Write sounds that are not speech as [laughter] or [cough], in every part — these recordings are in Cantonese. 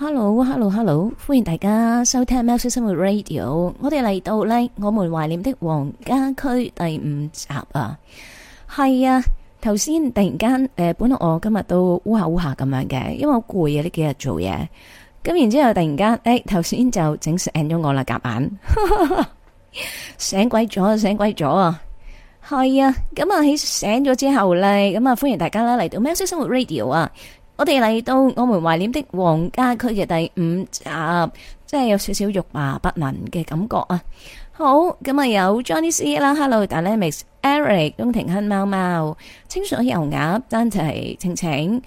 Hello，Hello，Hello！Hello, hello。歡迎大家收聽《喵式生活 Radio》，我哋嚟到呢，我們懷念的黃家駒第五集啊。係啊，頭先突然間誒、呃，本來我今日都烏下烏下咁樣嘅，因為我攰啊，呢幾日做嘢。咁然之後突然間，誒、哎，頭先就整醒咗我啦，夾硬 [laughs] 醒鬼咗，醒鬼咗啊！係啊，咁啊喺醒咗之後呢，咁啊歡迎大家啦嚟到《喵式生活 Radio》啊！我哋嚟到我們懷念的黃家駒嘅第五集，即係有少少欲罷不能嘅感覺啊！好，咁啊有 Johnny C 啦，Hello，Dynamics Eric 冬庭欣貓貓，青純油鴨，單齊晴晴。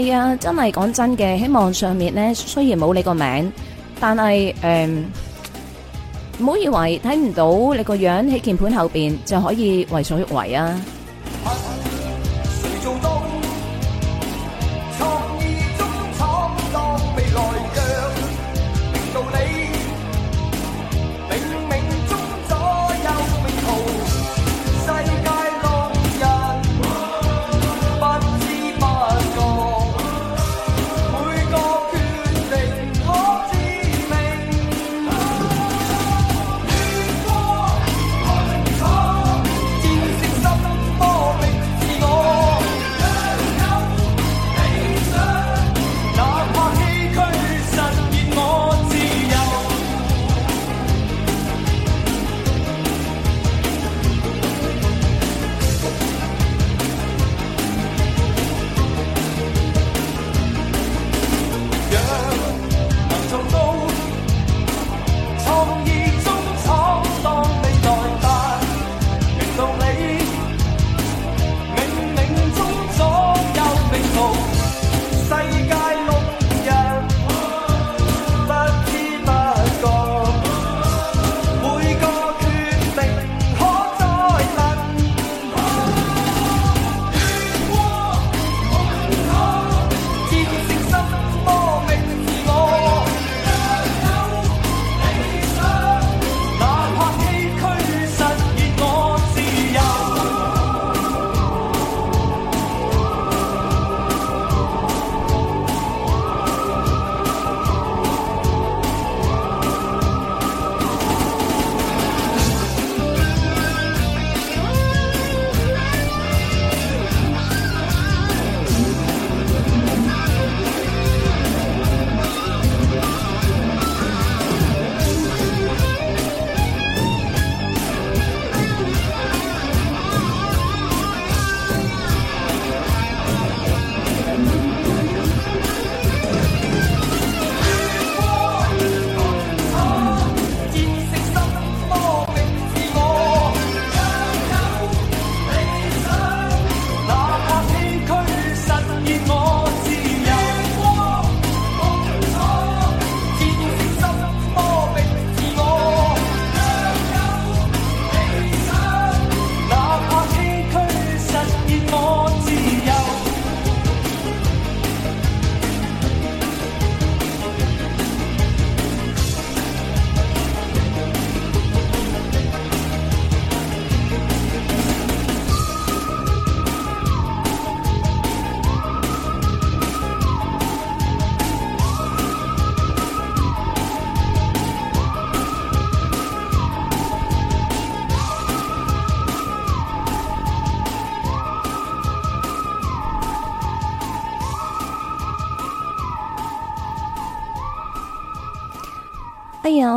係啊，真係講真嘅，希望上面咧雖然冇你個名，但係誒，唔好以為睇唔到你個樣喺鍵盤後邊就可以為所欲為啊！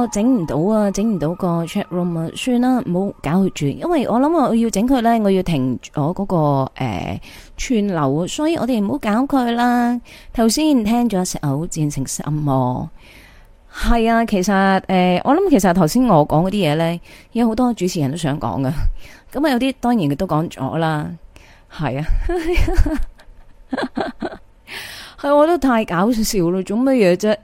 整唔到啊！整唔到個 chat room 啊！算啦，唔好搞佢住，因為我諗我要整佢呢，我要停咗嗰、那個誒、呃、串流，所以我哋唔好搞佢啦。頭先聽咗一首戰勝心魔，係啊，其實誒、呃，我諗其實頭先我講嗰啲嘢呢，有好多主持人都想講噶，咁、嗯、啊，有啲當然佢都講咗啦，係啊，係我都太搞笑啦，做乜嘢啫？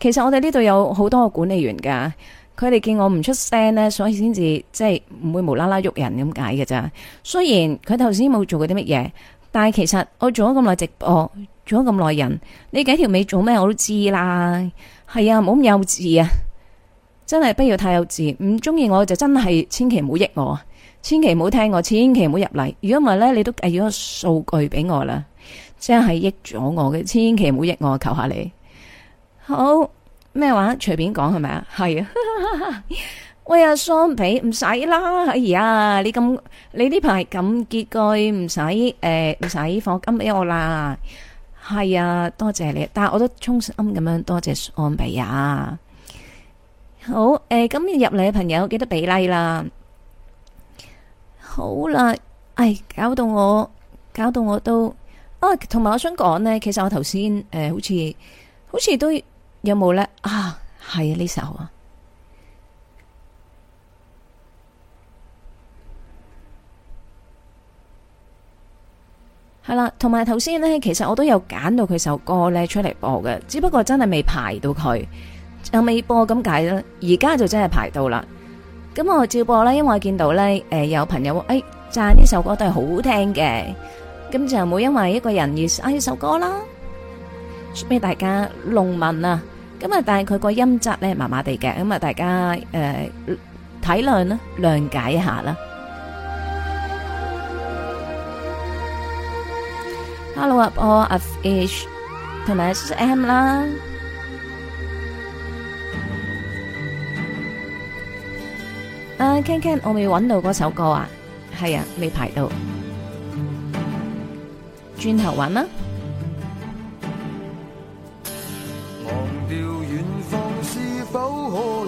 其實我哋呢度有好多個管理員噶，佢哋見我唔出聲呢，所以先至即係唔會無啦啦喐人咁解嘅咋。雖然佢頭先冇做過啲乜嘢，但係其實我做咗咁耐直播，做咗咁耐人，你幾條尾做咩我都知啦。係啊，冇咁幼稚啊，真係不要太幼稚。唔中意我就真係千祈唔好益我，千祈唔好聽我，千祈唔好入嚟。如果唔係呢，你都計咗數據俾我啦，真係益咗我嘅，千祈唔好益我，求下你。好，咩話？隨便講，係咪？係呀，ha ha ha ha. 喂呀，桑比，唔使啦。有冇呢？啊，係呢首啊，對了，係啦。同埋頭先呢，其實我都有揀到佢首歌呢出嚟播嘅，只不過真係未排到佢，未播咁解啦。而家就真係排到啦。咁我照播啦，因為我見到呢，誒有朋友誒讚呢首歌都係好好聽嘅，咁就冇因為一個人而嗌呢、哎、首歌啦。咩？大家農民啊？咁啊！但係佢個音質咧，麻麻地嘅。咁啊，大家誒體諒啦，諒解一下啦。Hello up all of is 同埋 SM 啦。啊，Ken Ken，我未揾到嗰首歌啊，係啊，未排到。轉頭揾啦。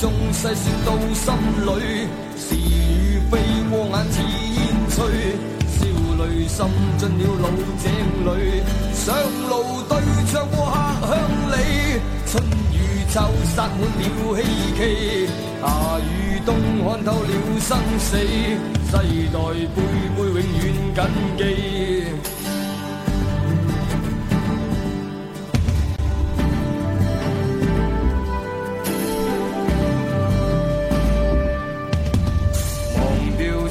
縱西說到心裏，是與非，過眼似煙吹。笑淚滲進了老井裏，上路對唱過客鄉里。春與秋，撒滿了希冀，夏與冬，看透了生死。世代輩輩永遠緊記。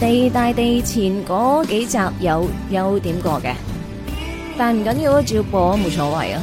地大地前嗰幾集有優點過嘅，但唔緊要，照播，冇所謂啊。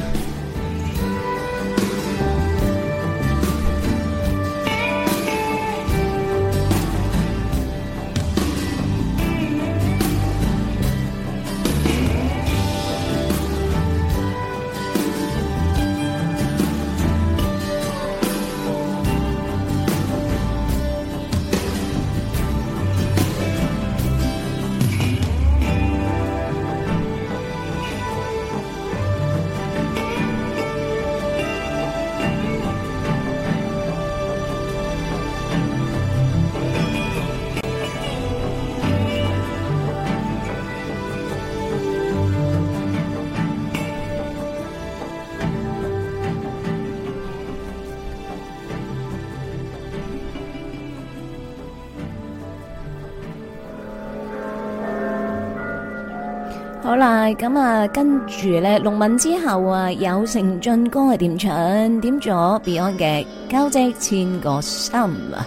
咁啊，跟住咧，六文之後啊，有成進歌係點唱點咗 Beyond 嘅《交織千個心》啊！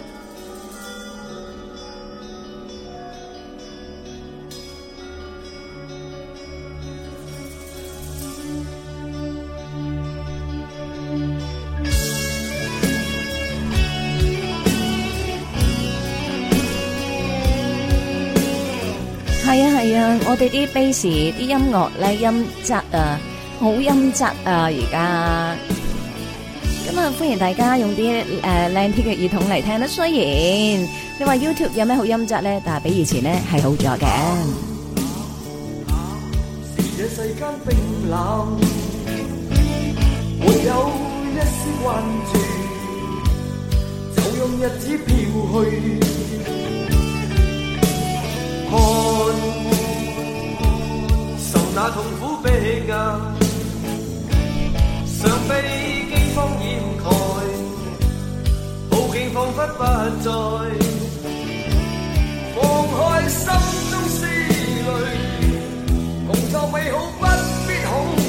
啲啲 bass 啲音樂咧，音質啊，好音質啊而家，咁啊歡迎大家用啲誒靚啲嘅耳筒嚟聽啦。雖然你話 YouTube 有咩好音質咧，但係比以前咧係好咗嘅。那痛苦悲哀，常被冀望掩蓋，抱情仿佛不再，放開心中思慮，共創美好不必恐懼。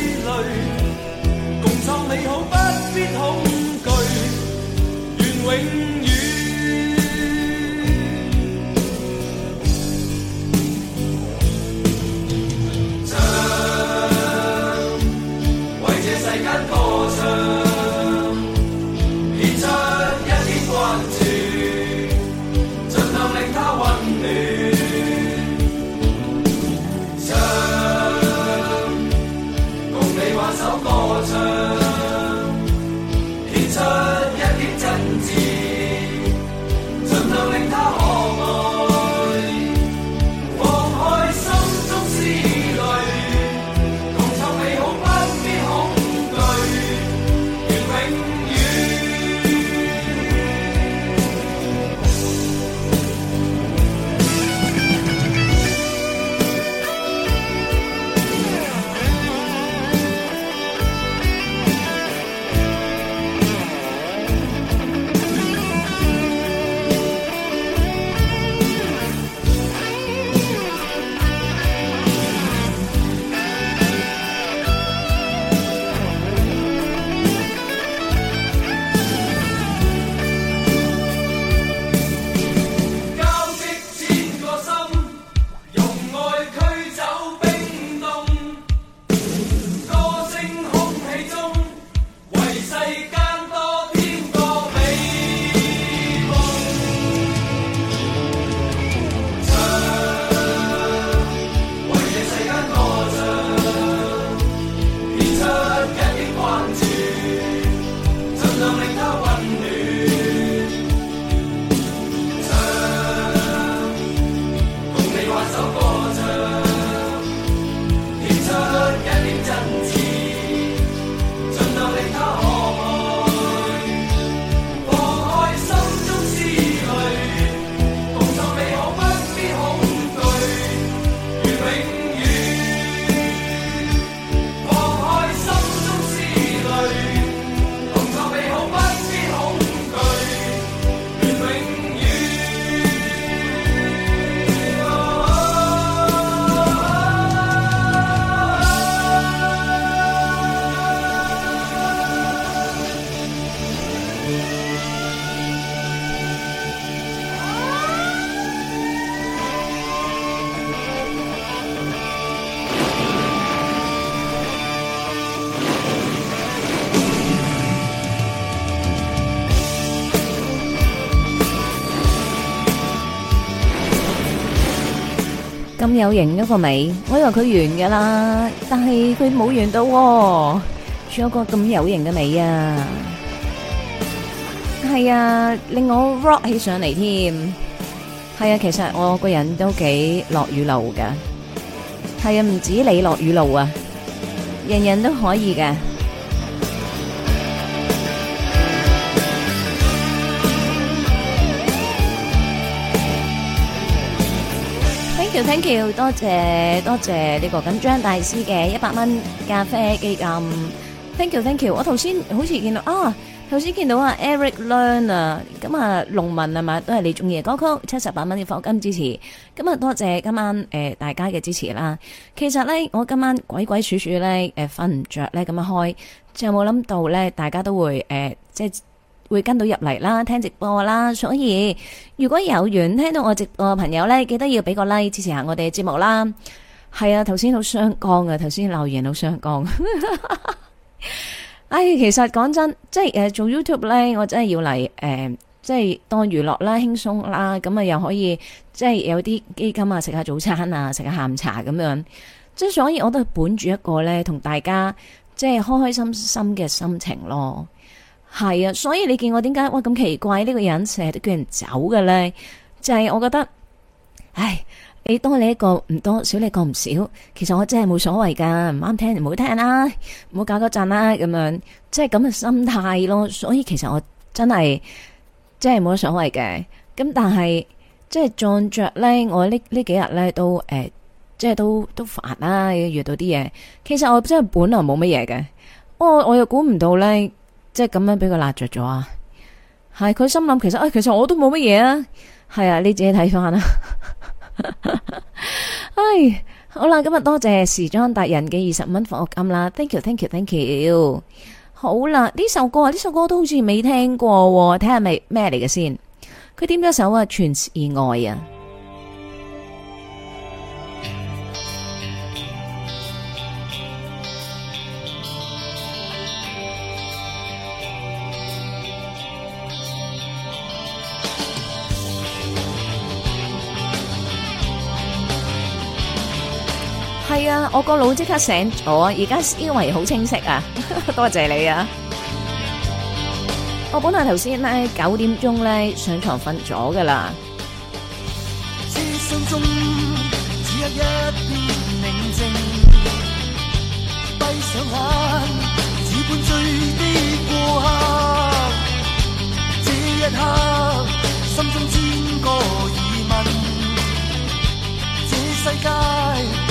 有型嗰個尾，我以為佢圓噶啦，但係佢冇圓到，仲有個咁有型嘅尾啊！係啊，令我 rock 起上嚟添。係啊，其實我個人都幾落雨露噶，係啊，唔止你落雨露啊，人人都可以嘅。Thank you，多謝多謝呢個，咁張大師嘅一百蚊咖啡基金，um,，Thank you Thank you，我頭先好似見到啊，頭先見到啊 Eric Learner，咁啊農民係咪？都係你中意嘅歌曲，七十八蚊嘅課金支持，咁啊多謝今晚誒、呃、大家嘅支持啦。其實咧，我今晚鬼鬼祟祟咧，誒瞓唔着咧，咁樣開，就冇諗到咧，大家都會誒、呃、即係。會跟到入嚟啦，聽直播啦，所以如果有緣聽到我直播嘅朋友呢，記得要俾個 like 支持下我哋嘅節目啦。係啊，頭先好雙槓啊，頭先留言好雙槓。唉、 [laughs] 哎，其實講真，即係誒做 YouTube 呢，我真係要嚟誒、呃，即係當娛樂啦、輕鬆啦，咁啊又可以即係有啲基金啊，食下早餐啊，食下下午茶咁樣。即係所以我都係本住一個呢，同大家即係開開心心嘅心情咯。係啊，所以你見我點解哇咁奇怪呢？這個人成日都叫人走㗎咧？就係、是、我覺得，唉，你多你一個唔多，少你一個唔少。其實我真係冇所謂噶，唔啱聽就唔好聽啦，唔好、啊、好搞嗰陣啦，咁樣即係咁嘅心態咯。所以其實我真係真係冇乜所謂嘅。咁但係即係撞着咧，我呢呢幾日咧都誒、欸，即係都都煩啦、啊，遇到啲嘢。其實我真係本來冇乜嘢嘅，我我又估唔到咧。即係咁樣俾佢辣着咗啊！係佢心諗，其實啊、哎，其實我都冇乜嘢啊！係啊，你自己睇翻啦。哎，好啦，今日多謝時裝達人嘅二十蚊房屋金啦，thank you，thank you，thank you thank。You, you. 好啦，呢首歌啊，呢首歌都好似未聽過、啊，睇下係咪咩嚟嘅先？佢點咗首啊，全意外啊！我個腦即刻醒咗，而家思維好清晰啊 [laughs] 多謝你啊，我本來頭先呢九點鐘呢上床瞓咗㗎啦。只想中只有一片寧靜閉上眼只管醉的過客這一刻心中千個疑問這世界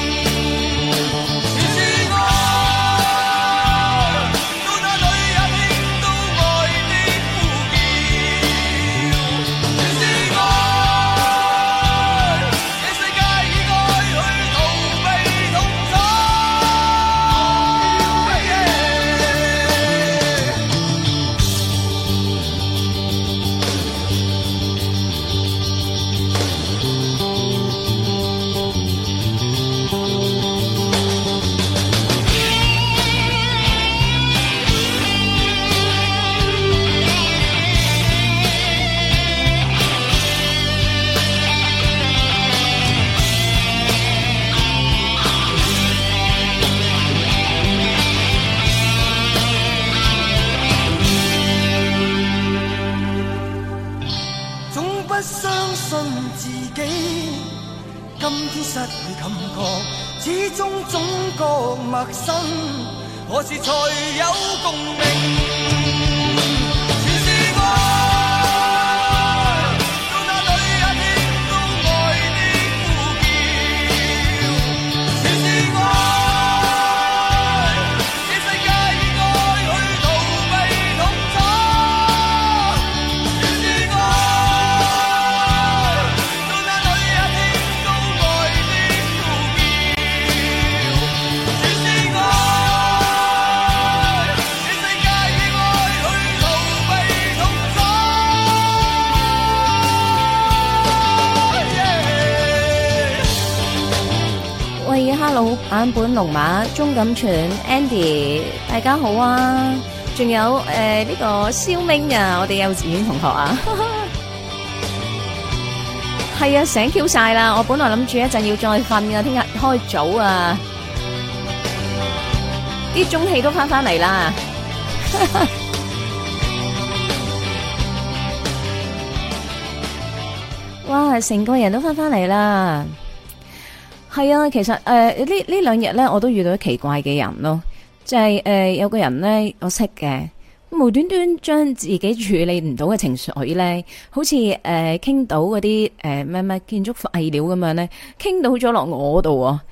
何時才有共鳴？本龍馬鍾錦全 Andy，大家好啊！仲有誒呢、呃這個肖明啊，我哋幼稚園同學啊，係 [laughs] 啊醒 Q 晒啦！我本來諗住一陣要再瞓啊，聽日開早啊，啲中氣都翻翻嚟啦！ [laughs] 哇，成個人都翻翻嚟啦！係啊，其實誒呢呢兩日呢，我都遇到奇怪嘅人咯，就是，就係誒有個人呢，我識嘅，無端端將自己處理唔到嘅情緒呢，好似誒傾到嗰啲誒咩咩建築廢料咁樣呢，傾到咗落我度啊，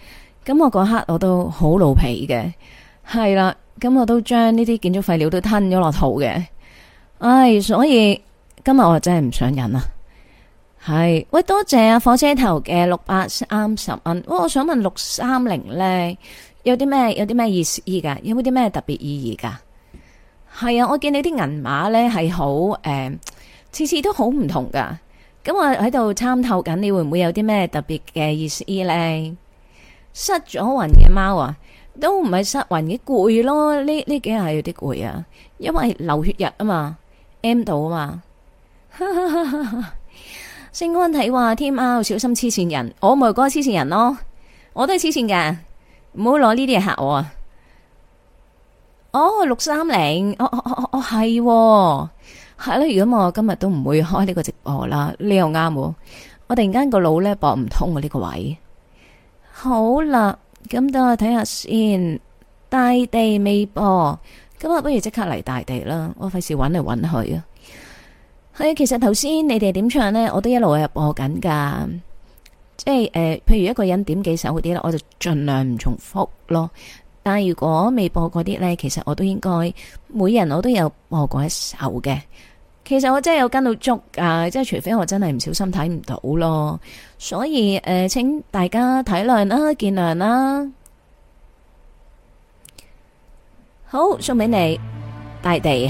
哦，咁我嗰刻我都好老皮嘅，係啦，啊，咁我都將呢啲建築廢料都吞咗落肚嘅，唉，所以今日我真係唔想忍啊！係，喂，多謝啊！火車頭嘅六百三十蚊，我、哦、我想問六三零呢，有啲咩有啲咩意思意噶？有冇啲咩特別意義噶？係啊，我見你啲銀碼呢係好誒、次、嗯、次都好唔同噶。咁我喺度參透緊，你會唔會有啲咩特別嘅意思呢？失咗魂嘅貓啊，都唔係失魂嘅攰咯。呢呢幾日係有啲攰啊，因為流血日啊嘛，M 到啊嘛。 [laughs] 聖官睇話添啊，小心黐線人，我唔係嗰個黐線人咯，我都係黐線㗎，唔好攞呢啲嘢吓我啊！哦，六三零，哦哦哦哦，係喎，係咯，如果唔係我今日都唔會開呢個直播啦。呢又啱，我突然間個腦咧搏唔通喎，呢個位。好啦，咁等我睇下先看看，大地未播，咁啊不如即刻嚟大地啦，我費事搵嚟搵去啊！其實頭先你哋點唱呢？我都一路喺度播緊㗎。即係、呃、譬如一個人點幾首啲呢，我就盡量唔重複咯。但係如果未播嗰啲呢，其實我都應該每人我都有播過一首嘅。其實我真係有跟到足㗎，即係除非我真係唔小心睇唔到咯。所以誒、呃，請大家體諒啦，見諒啦。好，送俾你大地。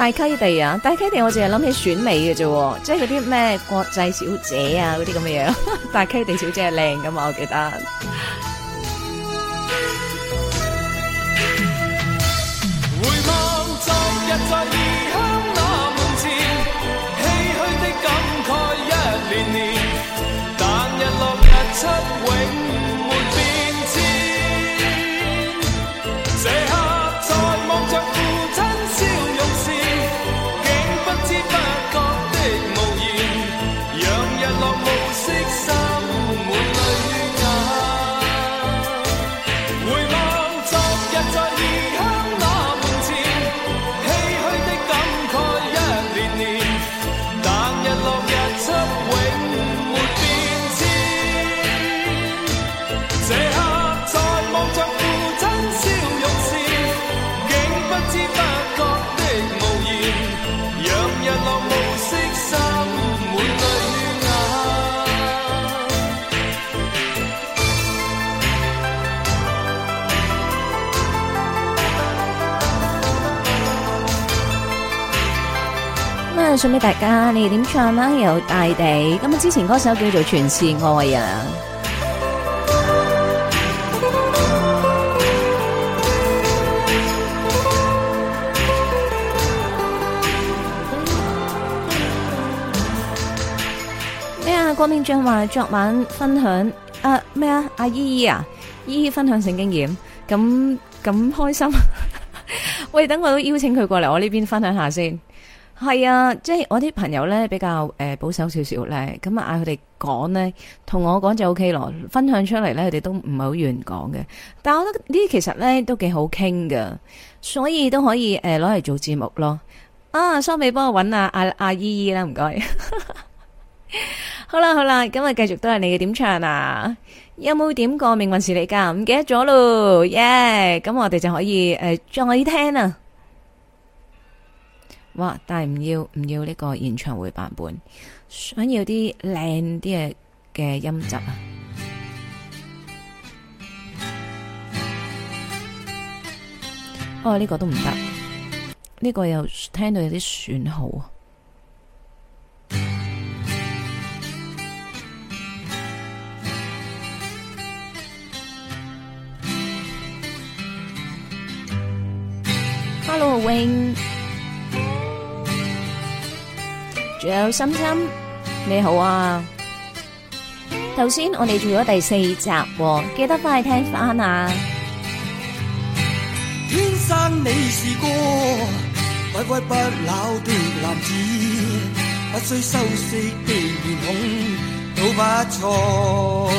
大溪地啊，大溪地我淨係諗起選美嘅啫，即係啲咩國際小姐啊啲咁嘅樣，大溪地小姐係靚噶嘛，我記得。回望昨日在異鄉，那門前唏噓的感慨一年年，但日落日出永送俾大家，你點唱啦？又大地，咁啊！之前嗰首叫做《全是愛》啊。咩啊？郭明章話昨晚分享，啊咩啊？阿姨姨啊，姨姨分享性經驗，咁咁開心。喂，等我都邀請佢過嚟我呢邊分享下先。係啊，即係我啲朋友咧比較誒、呃、保守少少咧，咁啊嗌佢哋講咧，同我講就 O K 咯，分享出嚟咧佢哋都唔係好願講嘅。但係我覺得呢啲其實咧都幾好傾㗎，所以都可以誒攞嚟做節目咯。啊，蘇美幫我揾阿阿阿依依啦，唔該。 [laughs] 好啦好啦，今日繼續都係你嘅點唱啊！有冇點過命運是你家？唔記得咗咯，耶！咁我哋就可以誒再聽啊。哇！但係唔要唔要呢個演唱會版本，想要啲靚啲嘅嘅音質啊！哦，呢、這個都唔得，呢、這個又聽到有啲損耗啊。Hello，Wing。仲有心心，你好啊！頭先我哋做咗第四集、喎，記得翻去聽翻啊！天生你是個不屈不撓的男子，不需修飾的面孔都不錯。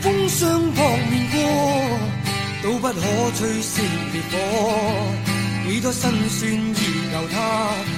風霜撲面過，都不可吹熄烈火，幾多辛酸依舊他。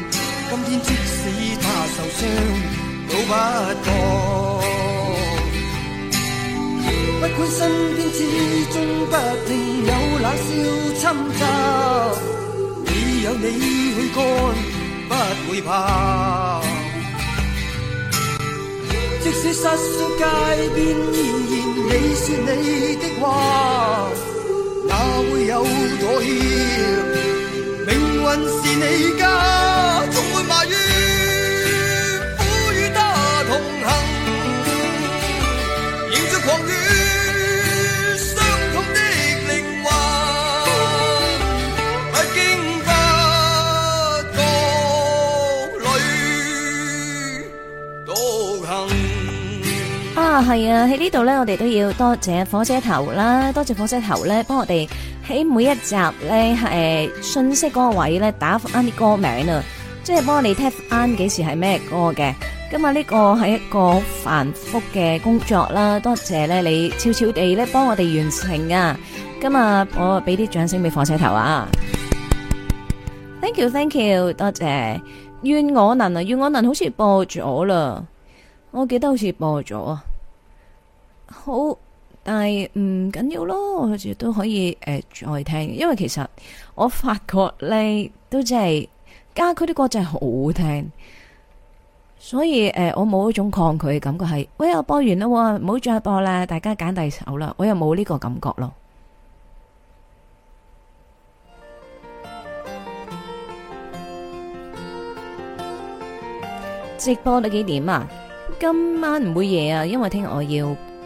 今天即使他受傷，都不怕。不管身邊始終不停有冷笑侵襲，只有你去幹，不會怕。 [noise] 即使失足街邊依然你說你的話，哪會有妥協？命運是你家，總會埋怨，苦與他同行，迎着狂雨。係、哦、啊，喺呢度咧，我哋都要多謝火車頭啦。多謝火車頭咧，幫我哋喺每一集咧，誒，信息嗰個位咧打翻啲歌名啊，即係幫我哋聽翻幾時係咩歌嘅。今日呢個係一個繁複嘅工作啦，多謝咧你悄悄地咧幫我哋完成啊。今日我俾啲掌聲俾火車頭啊 [laughs] ，thank you，thank you，多謝。願我能啊，願我能好似播咗啦，我記得好似播咗啊。好，但係唔緊要咯，我仲都可以誒、呃、再聽，因為其實我發覺呢都真係家駒啲歌真係好聽，所以誒、呃、我冇一種抗拒嘅感覺係，喂，我播完啦，唔好再播啦，大家揀第首啦，我又冇呢個感覺咯。直播到幾點啊？今晚唔會夜啊，因為聽日我要。.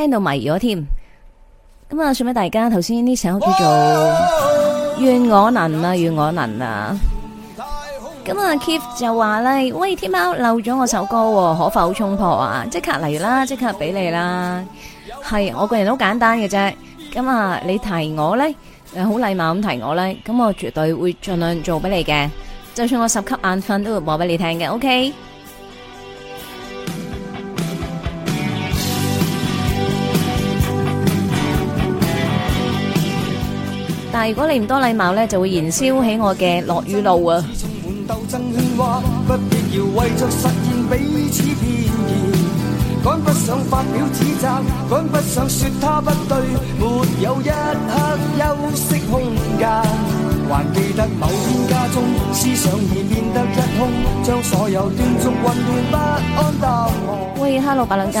聽到迷咗添，咁啊，送俾大家。頭先呢首叫做《願我能啊，願我能啊》。咁啊，Keith 就話咧，喂，天貓漏咗我首歌，可否衝破啊？即刻嚟啦，即刻俾你啦。係我個人都簡單嘅啫。咁啊，你提我咧，誒，好禮貌咁提我咧。咁我絕對會盡量做俾你嘅。就算我十級眼瞓，都會播俾你聽嘅。OK。但係如果你唔多禮貌咧，就會燃燒起我嘅落雨路啊！歡迎 Hello 白蘭金。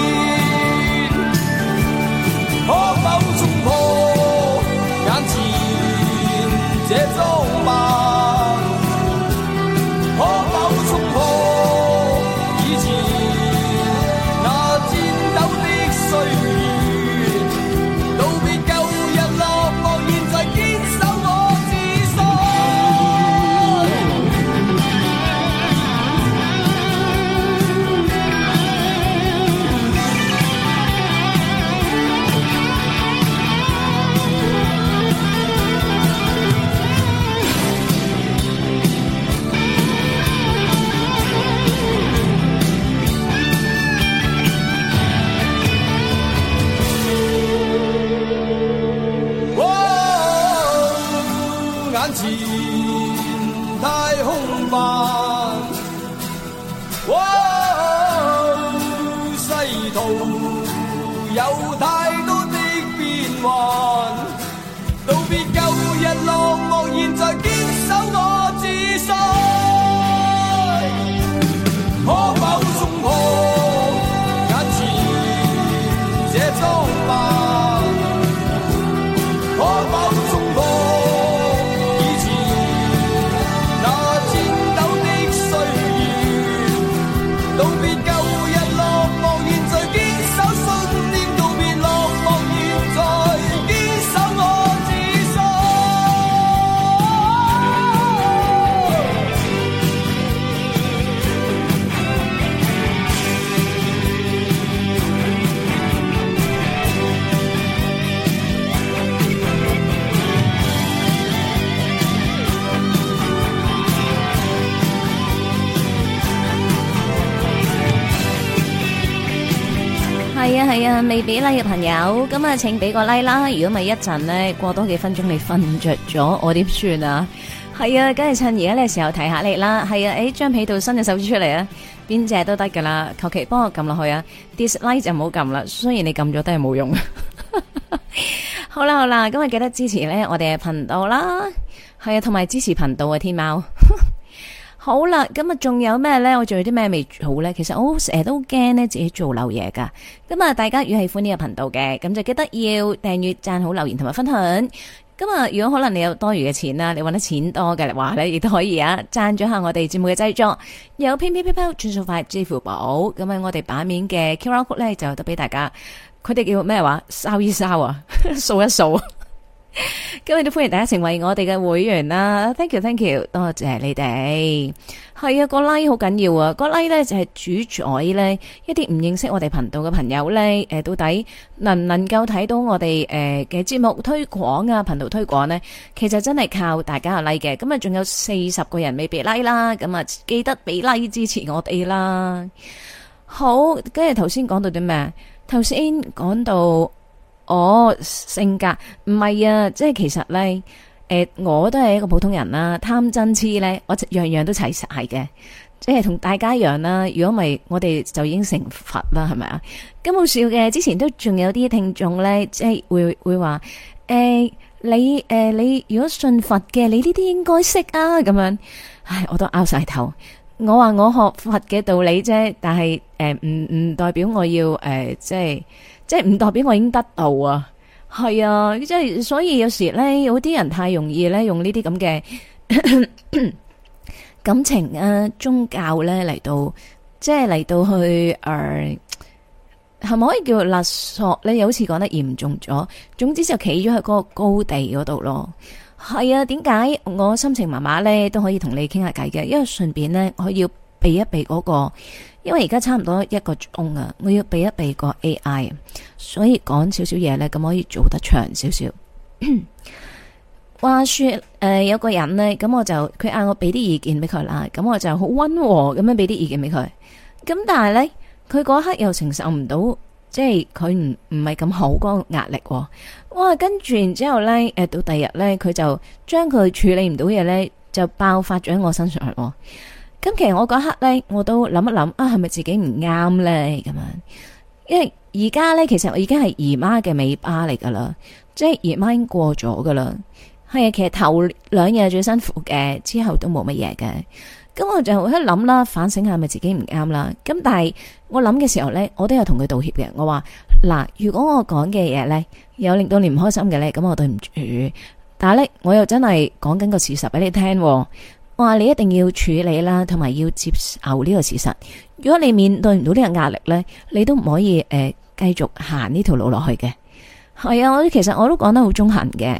可否衝破眼前這咒罵？係啊，未俾 like 嘅朋友咁啊，請俾個 like 啦。如果咪一陣咧，過多幾分鐘你瞓着咗，我點算啊？係啊，梗係趁而家呢個時候睇下你啦。係啊，誒、哎，張被度伸隻手指出嚟啊，邊隻都得噶啦。求其幫我撳落去啊，dislike 就唔好撳啦。雖然你撳咗都係冇用、啊 [laughs] 好。好啦好啦，今日記得支持咧我哋嘅頻道啦。係啊，同埋支持頻道嘅、啊、天喵。 [laughs] 好啦，咁啊，仲有咩咧？我仲有啲咩未好咧？其實我成日都驚咧自己做漏嘢噶。咁啊，大家如果喜歡呢個頻道嘅，咁就記得要訂閱、讚好、留言同埋分享。咁啊，如果可能你有多餘嘅錢啦，你搵得錢多嘅話咧，亦都可以啊，贊助下我哋節目嘅製作。有 ppp 嗶轉數快支付寶，咁喺我哋版面嘅 QR code 咧，就有得俾大家。佢哋叫咩話？掃一掃啊，掃 [laughs] 一掃。今日都歡迎大家成為我哋嘅會員啦，thank you，thank you，多謝你哋。係啊，個 like 好緊要啊，個 like 呢就係主宰呢一啲唔認識我哋頻道嘅朋友呢，誒，到底能唔能夠睇到我哋誒嘅節目推廣啊，頻道推廣呢，其實真係靠大家嘅 like 嘅。咁啊，仲有四十個人未俾 like 啦，咁啊，記得俾 like 支持我哋啦。好，今日頭先講到啲咩？頭先講到。我、哦、性格唔係啊，即係其實咧，誒、呃，我都係一個普通人啦、啊。貪嗔癡咧，我樣樣都齊晒嘅，即係同大家一樣啦、啊。如果唔係，我哋就已經成佛啦，係咪啊？咁好笑嘅，之前都仲有啲聽眾咧，即係會會話，誒、欸，你誒、呃，你如果信佛嘅，你呢啲應該識啊，咁樣。唉，我都拗晒頭，我話我學佛嘅道理啫，但係誒，唔、呃、唔代表我要誒、呃，即係。即係唔代表我已經得到啊，係啊，即係所以有時咧，有啲人太容易咧用呢啲咁嘅感情啊、宗教咧嚟到，即係嚟到去誒，係咪可以叫勒索咧？又好似講得嚴重咗，總之就企咗喺嗰個高地嗰度咯。係啊，點解我心情麻麻咧都可以同你傾下偈嘅？因為順便咧，我要避一避嗰個。因為而家差唔多一個鐘啊，我要避一避一個 AI，所以講少少嘢呢，咁可以做得長少少。 [coughs] 話說誒、呃，有個人他他他呢，咁我就佢嗌我俾啲意見俾佢啦，咁我就好溫和咁樣俾啲意見俾佢。咁但係呢，佢嗰刻又承受唔到，即係佢唔唔係咁好嗰個壓力。哇跟住然之後呢，誒到第二日呢，佢就將佢處理唔到嘢呢，就爆發咗喺我身上。咁其實我嗰刻咧，我都諗一諗啊，係咪自己唔啱呢？咁樣？因為而家呢，其實我已經係姨媽嘅尾巴嚟噶啦，即係姨媽已經過咗噶啦。係啊，其實頭兩日最辛苦嘅，之後都冇乜嘢嘅。咁我就一諗啦，反省下係咪自己唔啱啦。咁但係我諗嘅時候呢，我都有同佢道歉嘅。我話嗱，如果我講嘅嘢呢，有令到你唔開心嘅呢，咁我對唔住。但係呢，我又真係講緊個事實俾你聽、啊。話你一定要處理啦，同埋要接受呢個事實。如果你面對唔到呢個壓力呢，你都唔可以誒繼續行呢條路落去嘅。係啊，我其實我都講得好中肯嘅。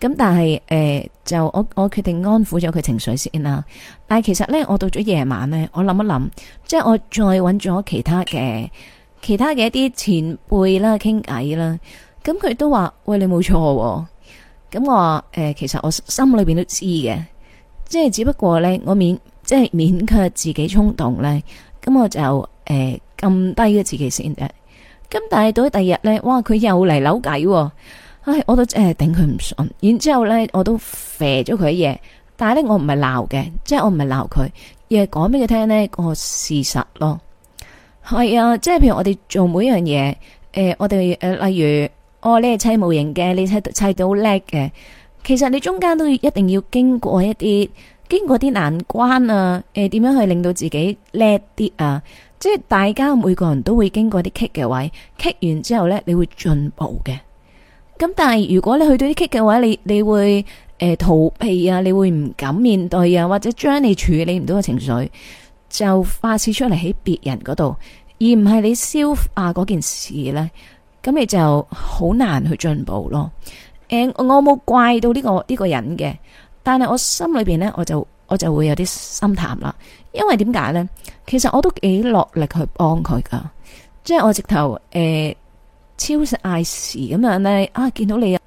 咁但係誒、呃，就我我決定安撫咗佢情緒先啦。但係其實呢，我到咗夜晚呢，我諗一諗，即係我再揾咗其他嘅其他嘅一啲前輩啦，傾偈啦。咁佢都話：喂，你冇錯喎。咁我話：誒、呃，其實我心裏邊都知嘅。即係只不過咧，我免即係勉強自己衝動咧，咁我就誒咁、欸、低嘅自己先誒。咁但係到咗第二日咧，哇佢又嚟扭計，唉我都真係頂佢唔順。然之後咧，我都肥咗佢一嘢。但係咧，我唔係鬧嘅，即係我唔係鬧佢，而係講俾佢聽咧、這個事實咯。係啊，即係譬如我哋做每樣嘢，誒、呃、我哋誒、呃、例如，哦你係砌模型嘅，你砌砌到好叻嘅。其實你中間都要一定要經過一啲，經過啲難關啊，誒、呃，點樣去令到自己叻啲啊？即係大家每個人都會經過啲棘嘅位，棘完之後呢，你會進步嘅。咁但係如果你去到啲棘嘅位，你你會誒、呃、逃避啊，你會唔敢面對啊，或者將你處理唔到嘅情緒，就發洩出嚟喺別人嗰度，而唔係你消化嗰件事呢，咁你就好難去進步咯。誒、欸，我冇怪到呢、呢個呢、這個人嘅，但係我心裏邊呢，我就我就會有啲心淡啦。因為點解呢？其實我都幾落力去幫佢噶，即係我直頭誒、欸、超時嗌時咁樣呢，啊！見到你啊，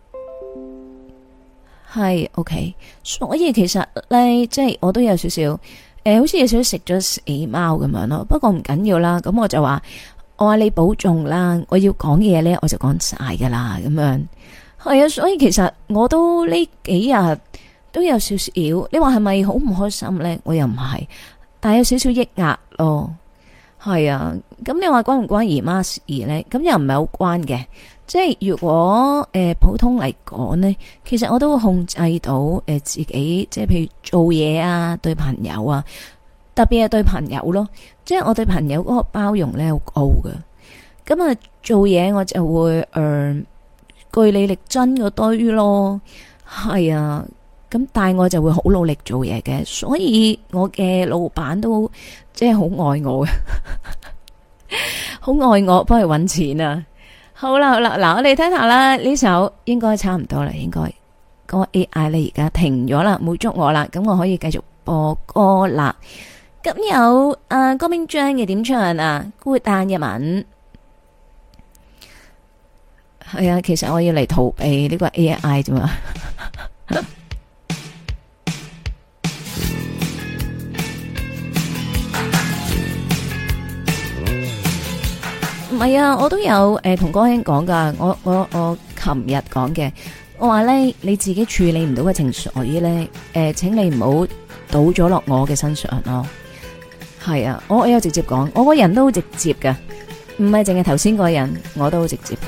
係 OK。所以其實呢，即係我都有少少誒、欸，好似有少少食咗死貓咁樣咯。不過唔緊要啦，咁我就話我話你保重啦。我要講嘢呢，我就講晒噶啦，咁樣。係啊，所以其實我都呢幾日都有少少，你話係咪好唔開心呢？我又唔係，但係有少少抑壓咯。係啊，咁你話關唔關姨媽事呢？咁又唔係好關嘅。即係如果誒、呃、普通嚟講呢，其實我都會控制到誒自己，即係譬如做嘢啊，對朋友啊，特別係對朋友咯。即係我對朋友嗰個包容呢，好高嘅。咁啊做嘢我就會誒。呃據理力爭多堆咯，係啊，咁但係我就會好努力做嘢嘅，所以我嘅老闆都即係好愛我嘅，好愛我，幫佢揾錢啊！好啦好啦，嗱我哋聽下啦，呢首應該差唔多啦，應該，嗰個 A I 你而家停咗啦，冇捉我啦，咁我可以繼續播歌啦。咁有啊歌名張嘅點唱啊，孤單日文。係、哎、啊，其實我要嚟逃避呢個 A. I. 啫嘛。唔係啊，我都有誒同江兄講噶我我我琴日講嘅，我話咧你自己處理唔到嘅情緒，我依咧誒，請你唔好倒咗落我嘅身上咯。係啊，我我有直接講，我個人都好直接噶，唔係淨係頭先嗰個人，我都好直接噶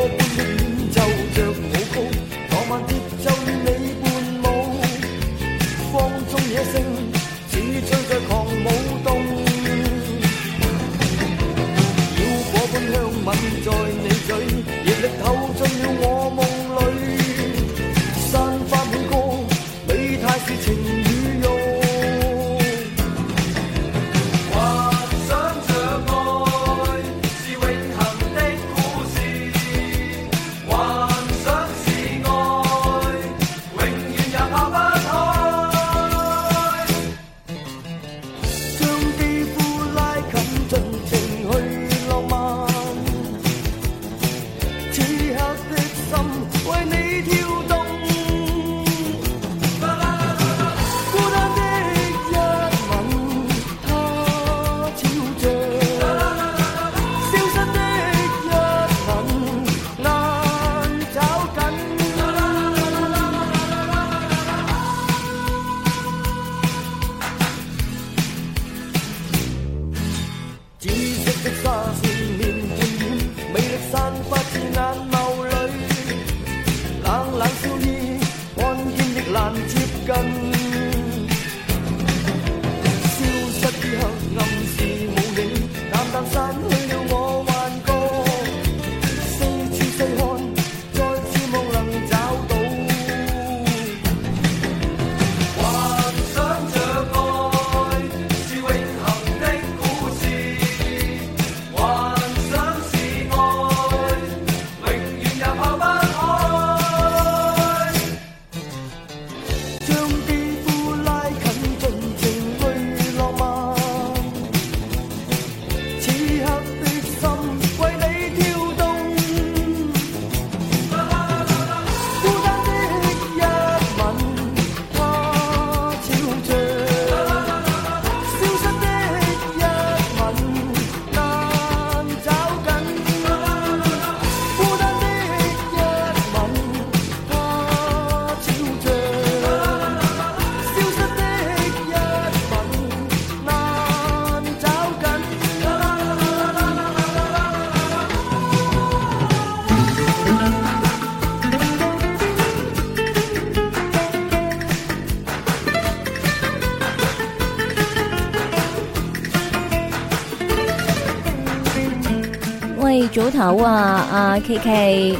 頭啊，阿、啊、K K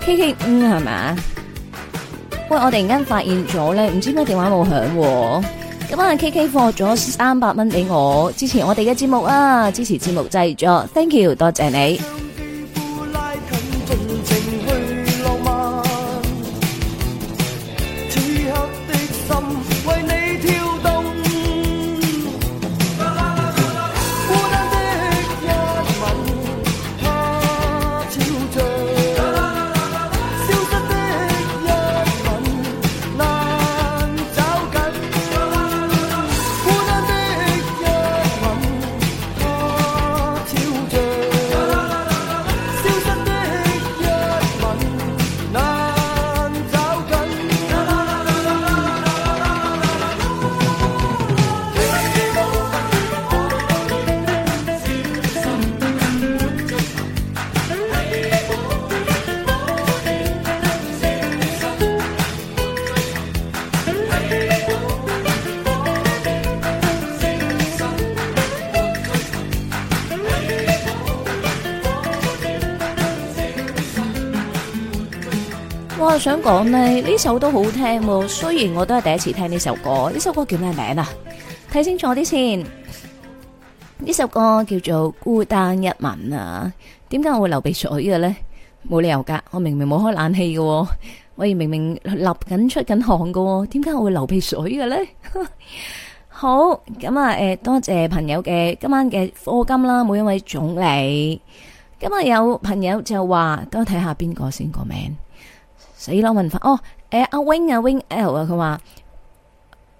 K K 嗯係嘛？喂，我突然間發現咗咧，唔知咩電話冇響、啊。今晚啊，K K 貨咗三百蚊俾我支持我哋嘅節目啊，支持節目製作，Thank you，多謝你。想講呢，呢首都好聽，雖然我都係第一次聽呢首歌。呢首歌叫咩名啊？睇清楚啲先。呢首歌叫做《孤單一文》啊。點解我會流鼻水嘅呢？冇理由噶，我明明冇開冷氣嘅，我亦明明立緊出緊汗嘅，點解我會流鼻水嘅呢？好，咁啊，誒，多謝朋友嘅今晚嘅課金啦，每一位總理。今日有朋友就話，都睇下邊個先個名。死啦！問法哦，誒、啊，阿、啊、wing 啊 wing L 啊，佢話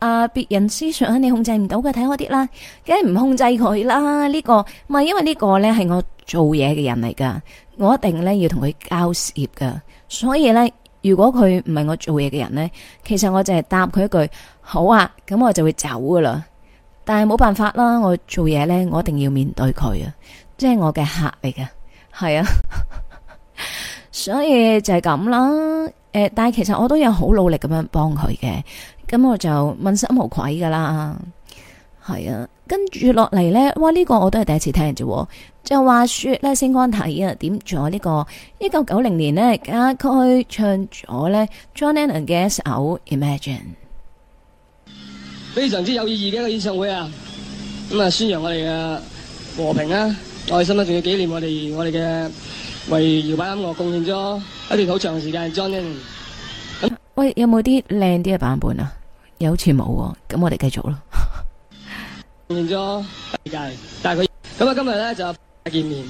阿別人思想你控制唔到嘅，睇我啲啦，梗係唔控制佢啦。呢、這個咪因為呢個呢係我做嘢嘅人嚟噶，我一定呢要同佢交涉噶。所以呢，如果佢唔係我做嘢嘅人呢，其實我就係答佢一句好啊，咁我就會走噶啦。但係冇辦法啦，我做嘢呢，我一定要面對佢、就是、啊，即係我嘅客嚟噶，係啊。所以就係咁啦，誒，但係其實我都有好努力咁樣幫佢嘅，咁我就問心無愧噶啦，係啊。跟住落嚟咧，哇！呢個我都係第一次聽啫，就話說咧，星光體啊，點咗呢個一九九零年呢，而家佢唱咗咧，John Lennon 嘅一首 Imagine，非常之有意義嘅一個演唱會啊，咁啊宣揚我哋嘅和平啊、愛心啊，仲要紀念我哋我哋嘅。為搖擺音樂我貢獻咗一段好長時間，裝人。喂，有冇啲靚啲嘅版本啊？有好似冇？咁我哋繼續啦。貢獻咗時間，但係佢咁啊，今日咧就見面。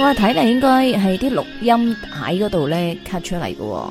哇，睇嚟應該係啲錄音喺嗰度咧 cut 出嚟嘅。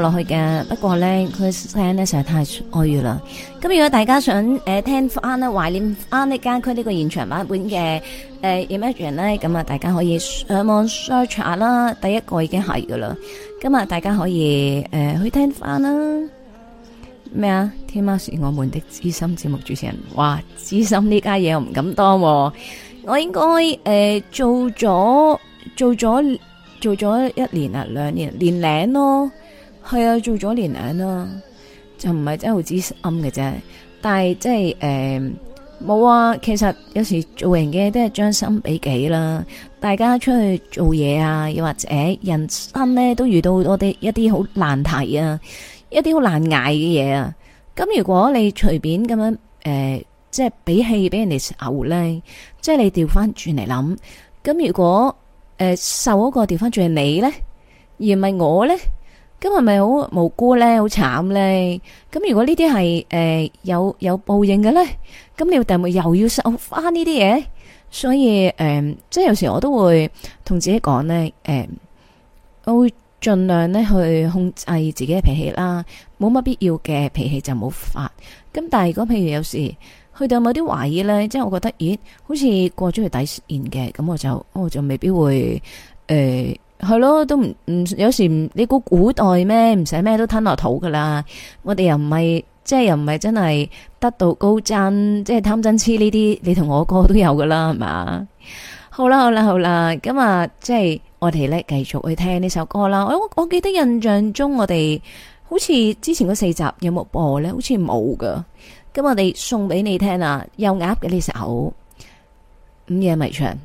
落去嘅，不過咧佢聲咧實在太哀怨啦。咁如果大家想誒、呃、聽翻咧懷念翻呢間區呢個現場版本嘅誒、呃、Imagine 咧，咁啊大家可以上網 search 下啦。第一個已經係噶啦，咁啊大家可以誒、呃、去聽翻啦。咩啊？天喵係我哋嘅資深節目主持人，話資深呢家嘢我唔敢當、啊，我應該誒、呃、做咗做咗做咗一年啊兩年年齡咯。係啊，做咗年齡啦，就唔係真係好知心嘅啫。但係即係誒，冇、呃、啊。其實有時做人嘅都係將心比己啦。大家出去做嘢啊，又或者人生咧都遇到好多啲一啲好難題啊，一啲好難捱嘅嘢啊。咁如果你隨便咁樣誒，即係俾氣俾人哋牛咧，即係你調翻轉嚟諗。咁如果誒、呃、受嗰個調翻轉係你咧，而唔係我咧？咁係咪好無辜咧？好慘咧？咁如果呢啲係誒有有報應嘅咧，咁你第咪又要收翻呢啲嘢？所以誒、呃，即係有時我都會同自己講咧，誒、呃，我會盡量咧去控制自己嘅脾氣啦，冇乜必要嘅脾氣就冇發。咁但係如果譬如有時去到某啲懷疑咧，即係我覺得咦，好似過咗佢底線嘅，咁我就我就未必會誒。呃係咯，都唔唔有時唔你估古代咩，唔使咩都吞落肚噶啦。我哋又唔係即係又唔係真係得道高真，即係貪嗔痴呢啲。你同我歌都有噶啦，係嘛？好啦好啦好啦，咁啊即係我哋咧繼續去聽呢首歌啦。我我記得印象中我哋好似之前嗰四集有冇播咧？好似冇噶。咁我哋送俾你聽啦，有鴨嘅呢首午夜迷牆。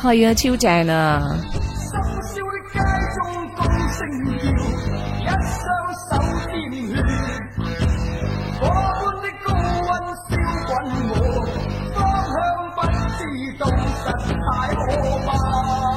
係啊，超正啊！深宵的街中高聲叫，一雙手牽，火般的高溫燒滾我，方向不知道，實在可怕。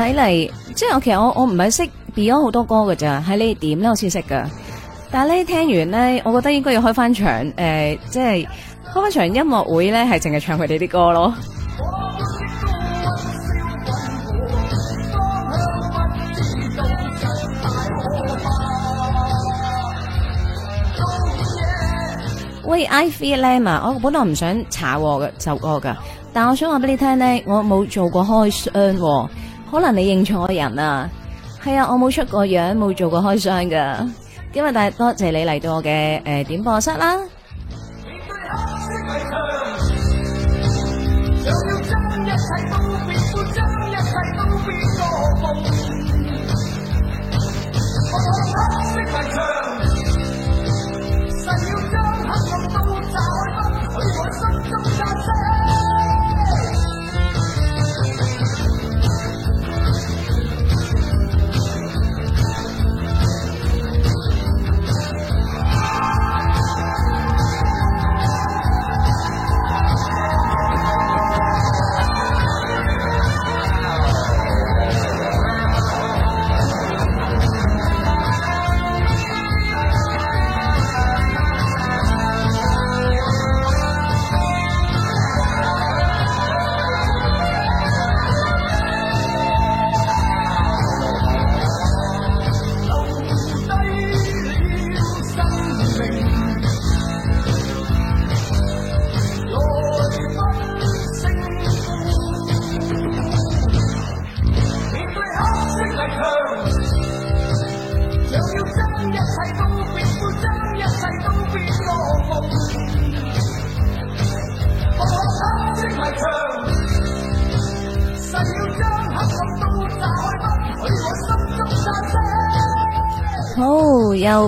睇嚟，即係我其實我我唔係識 Beyond 好多歌噶咋，喺呢點咧我先識噶。但係咧聽完咧，我覺得應該要開翻場，誒、呃，即係開翻場音樂會咧，係淨係唱佢哋啲歌咯。 [music] 喂，I Feel 嘛我本來唔想查嘅，首歌噶，但係我想話俾你聽咧，我冇做過開箱。可能你認錯人啊！係啊，我冇出過樣，冇做過開箱噶。今日大多謝你嚟到我嘅誒、呃、點播室啦。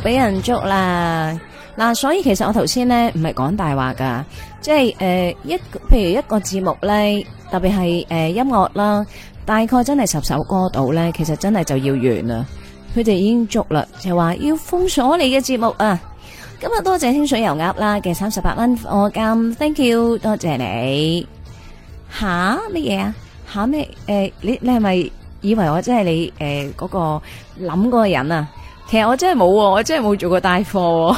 俾人捉啦嗱，所以其實我頭先咧唔係講大話噶，即係誒一，譬如一個節目咧，特別係誒音樂啦，大概真係十首歌度咧，其實真係就要完啦。佢哋已經捉啦，就話要封鎖你嘅節目啊！今日多謝清水油鴨啦嘅三十八蚊，我咁 thank you，多謝你吓乜嘢啊吓咩？誒，你你係咪以為我真係你誒嗰個諗過嘅人啊？其實我真係冇，我真係冇做過帶貨，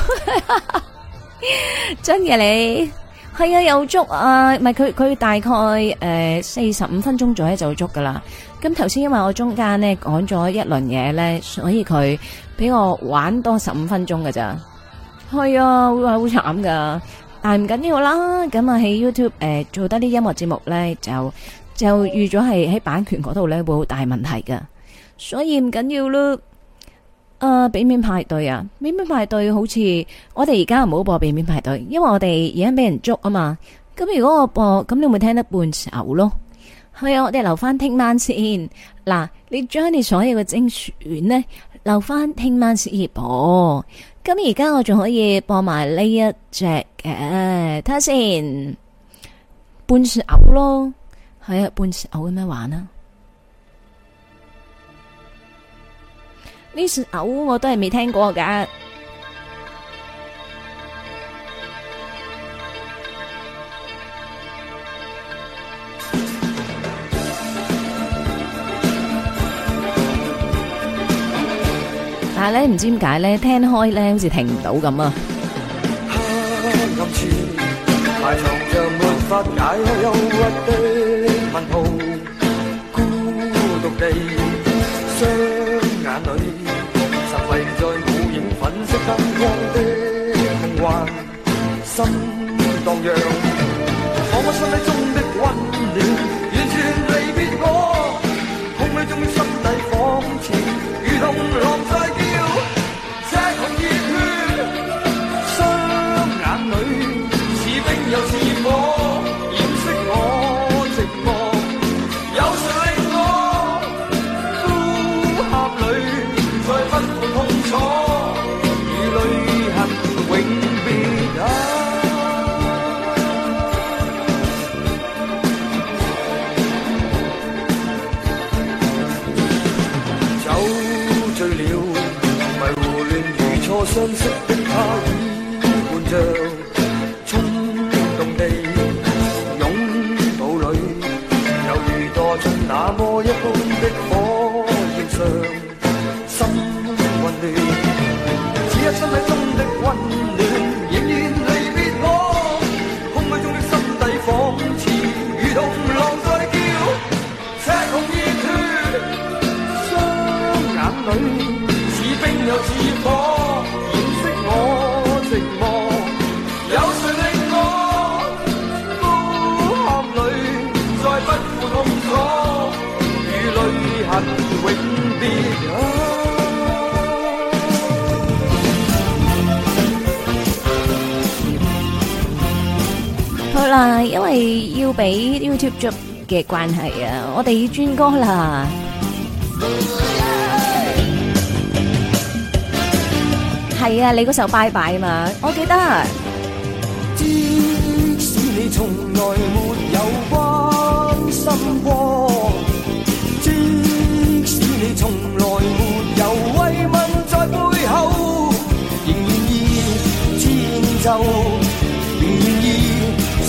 [laughs] 真嘅你係啊有捉啊，唔係佢佢大概誒四十五分鐘左右就捉噶啦。咁頭先因為我中間呢講咗一輪嘢咧，所以佢俾我玩多十五分鐘噶咋。係啊，會話好慘噶，但係唔緊要啦。咁啊喺 YouTube 誒、呃、做得啲音樂節目咧，就就預咗係喺版權嗰度咧會好大問題噶，所以唔緊要咯。誒、啊，俾面派對啊！俾面派對，好似我哋而家唔好播俾面派對，因為我哋而家俾人捉啊嘛。咁如果我播，咁你會聽得半首咯。係啊，我哋留翻聽晚先。嗱，你將你所有嘅精選呢，留翻聽晚先播。咁而家我仲可以播埋呢一隻嘅，睇下先。半首咯，係啊，半首咁樣玩啊！呢首我都係未聽過噶，但係咧唔知，點解咧聽開咧好似聽唔到咁啊！在舞影粉色燈光的夢幻，心蕩漾。彷彿心底中的溫暖，完全離別我。空虛中心底，仿似如同浪。相識的他已伴着，衝動地擁抱裏，猶如墮進那麼一般的火。啊，因為要俾 YouTube 嘅關係啊，我哋要轉歌啦。係啊，你嗰首拜拜啊嘛，我記得。即使你從來沒有關心過，即使你從來沒有慰問，在背後仍然遷就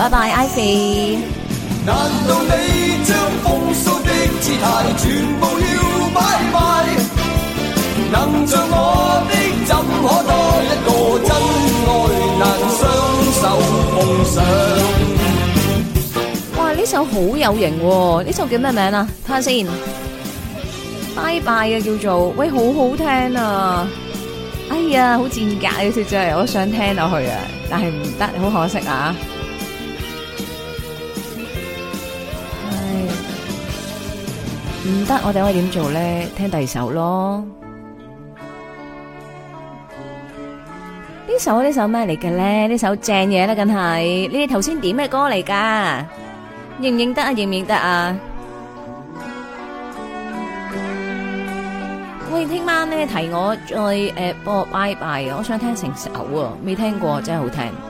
拜拜，Ivy。哇！呢首好有型喎，呢首叫咩名啊？睇下先。拜拜啊叫做，喂，好好聽啊！哎呀，好賤格啊！呢首真係，我都想聽落去啊，但係唔得，好可惜啊。唔得，我哋可以點做咧？聽第二首咯。呢首呢首咩嚟嘅咧？呢首正嘢咧，梗係。你哋頭先點咩歌嚟噶？認唔認得啊？認唔認得啊？喂，聽晚咧，提我再誒播拜拜，我想聽成首啊，未聽過，真係好聽。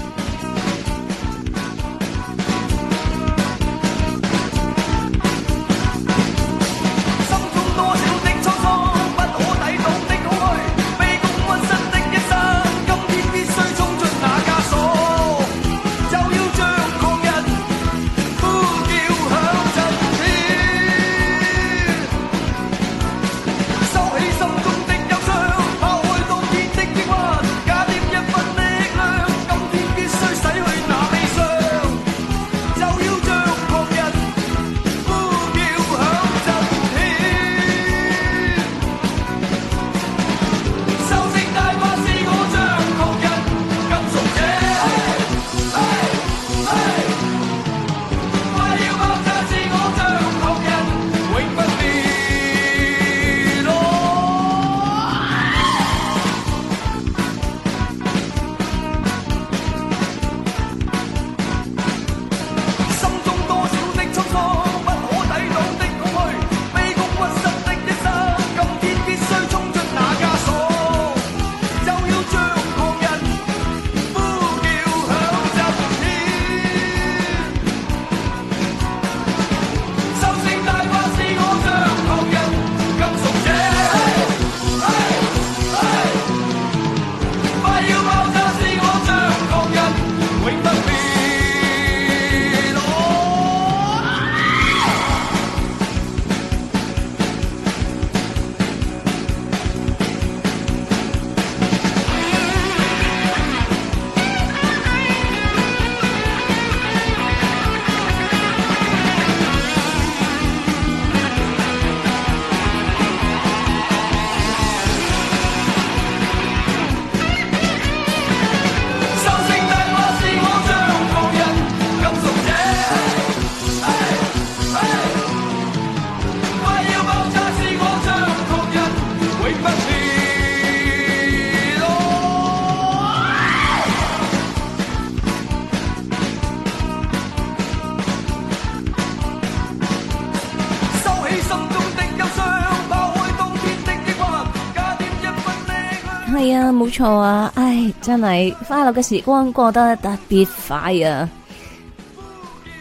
錯啊！唉，真係快樂嘅時光過得特別快啊！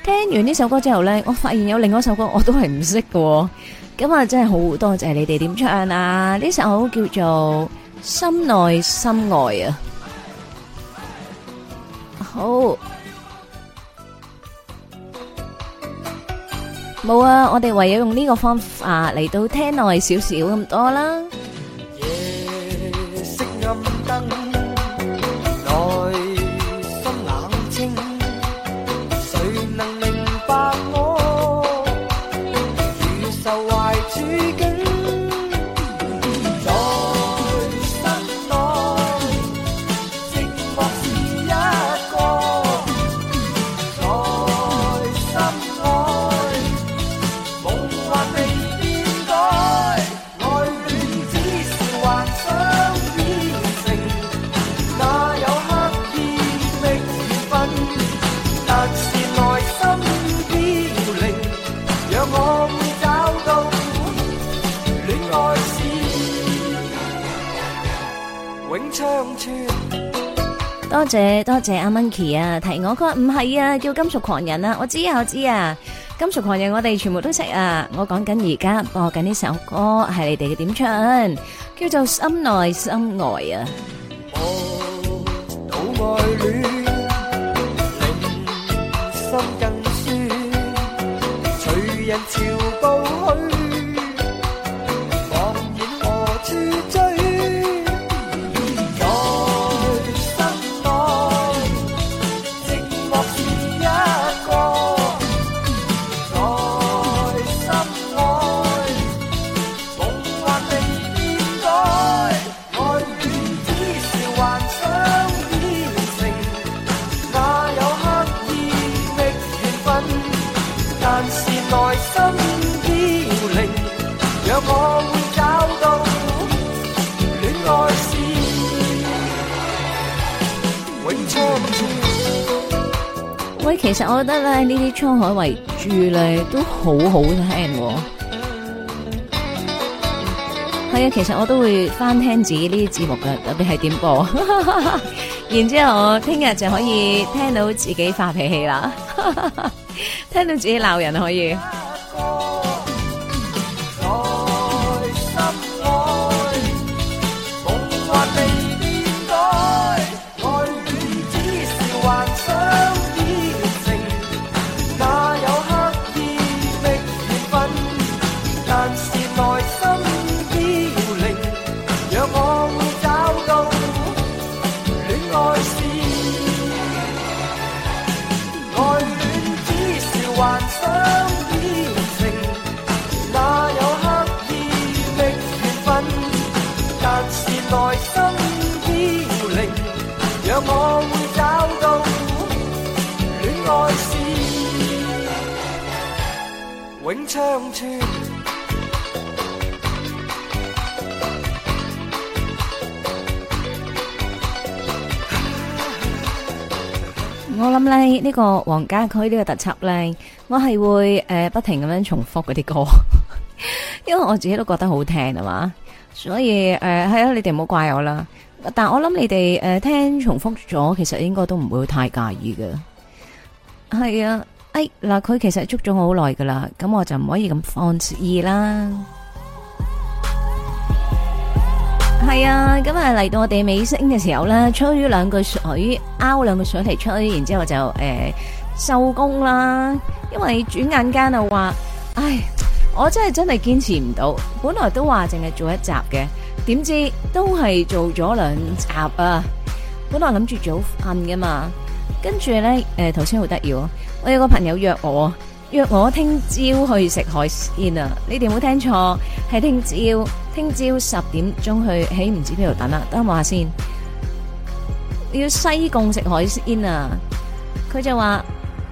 聽完呢首歌之後呢，我發現有另外一首歌我都係唔識嘅，咁啊真係好多謝你哋點唱啊！呢首好叫做《心內心外》啊！好，冇啊！我哋唯有用呢個方法嚟到聽耐少少咁多啦。謝阿 monkey 啊，提我，佢話唔係啊，叫金屬狂人啊。我知啊我知啊，金屬狂人我哋全部都識啊。我講緊而家播緊呢首歌係你哋嘅點唱，叫做心內心外啊。其實我覺得咧呢啲滄海遺珠咧都好好聽，係啊！其實我都會翻聽自己呢啲節目㗎，特別係點播。 [laughs] 然之後我聽日就可以聽到自己發脾氣啦， [laughs] 聽到自己鬧人可以。呢、這個黃家駒呢個特輯呢，我係會誒、呃、不停咁樣重複嗰、啊、啲歌，因為我自己都覺得好聽啊嘛，所以誒係、呃、啊，你哋唔好怪我啦。但我諗你哋誒、呃、聽重複咗，其實應該都唔會太介意嘅。係啊，哎嗱，佢、呃、其實捉咗我好耐噶啦，咁我就唔可以咁放肆意啦。係啊，咁啊嚟到我哋尾聲嘅時候咧，吹咗兩句水，拗兩句水嚟吹，然之後就誒收工啦。因為轉眼間就話，唉，我真係真係堅持唔到。本來都話淨係做一集嘅，點知都係做咗兩集啊。本來諗住早瞓嘅嘛，跟住咧誒，頭先好得意喎。我有個朋友約我。約我聽朝去食海鮮啊！你哋有冇聽錯，係聽朝聽朝十點鐘去喺唔知邊度等啊。等我下先，要西貢食海鮮啊！佢就話：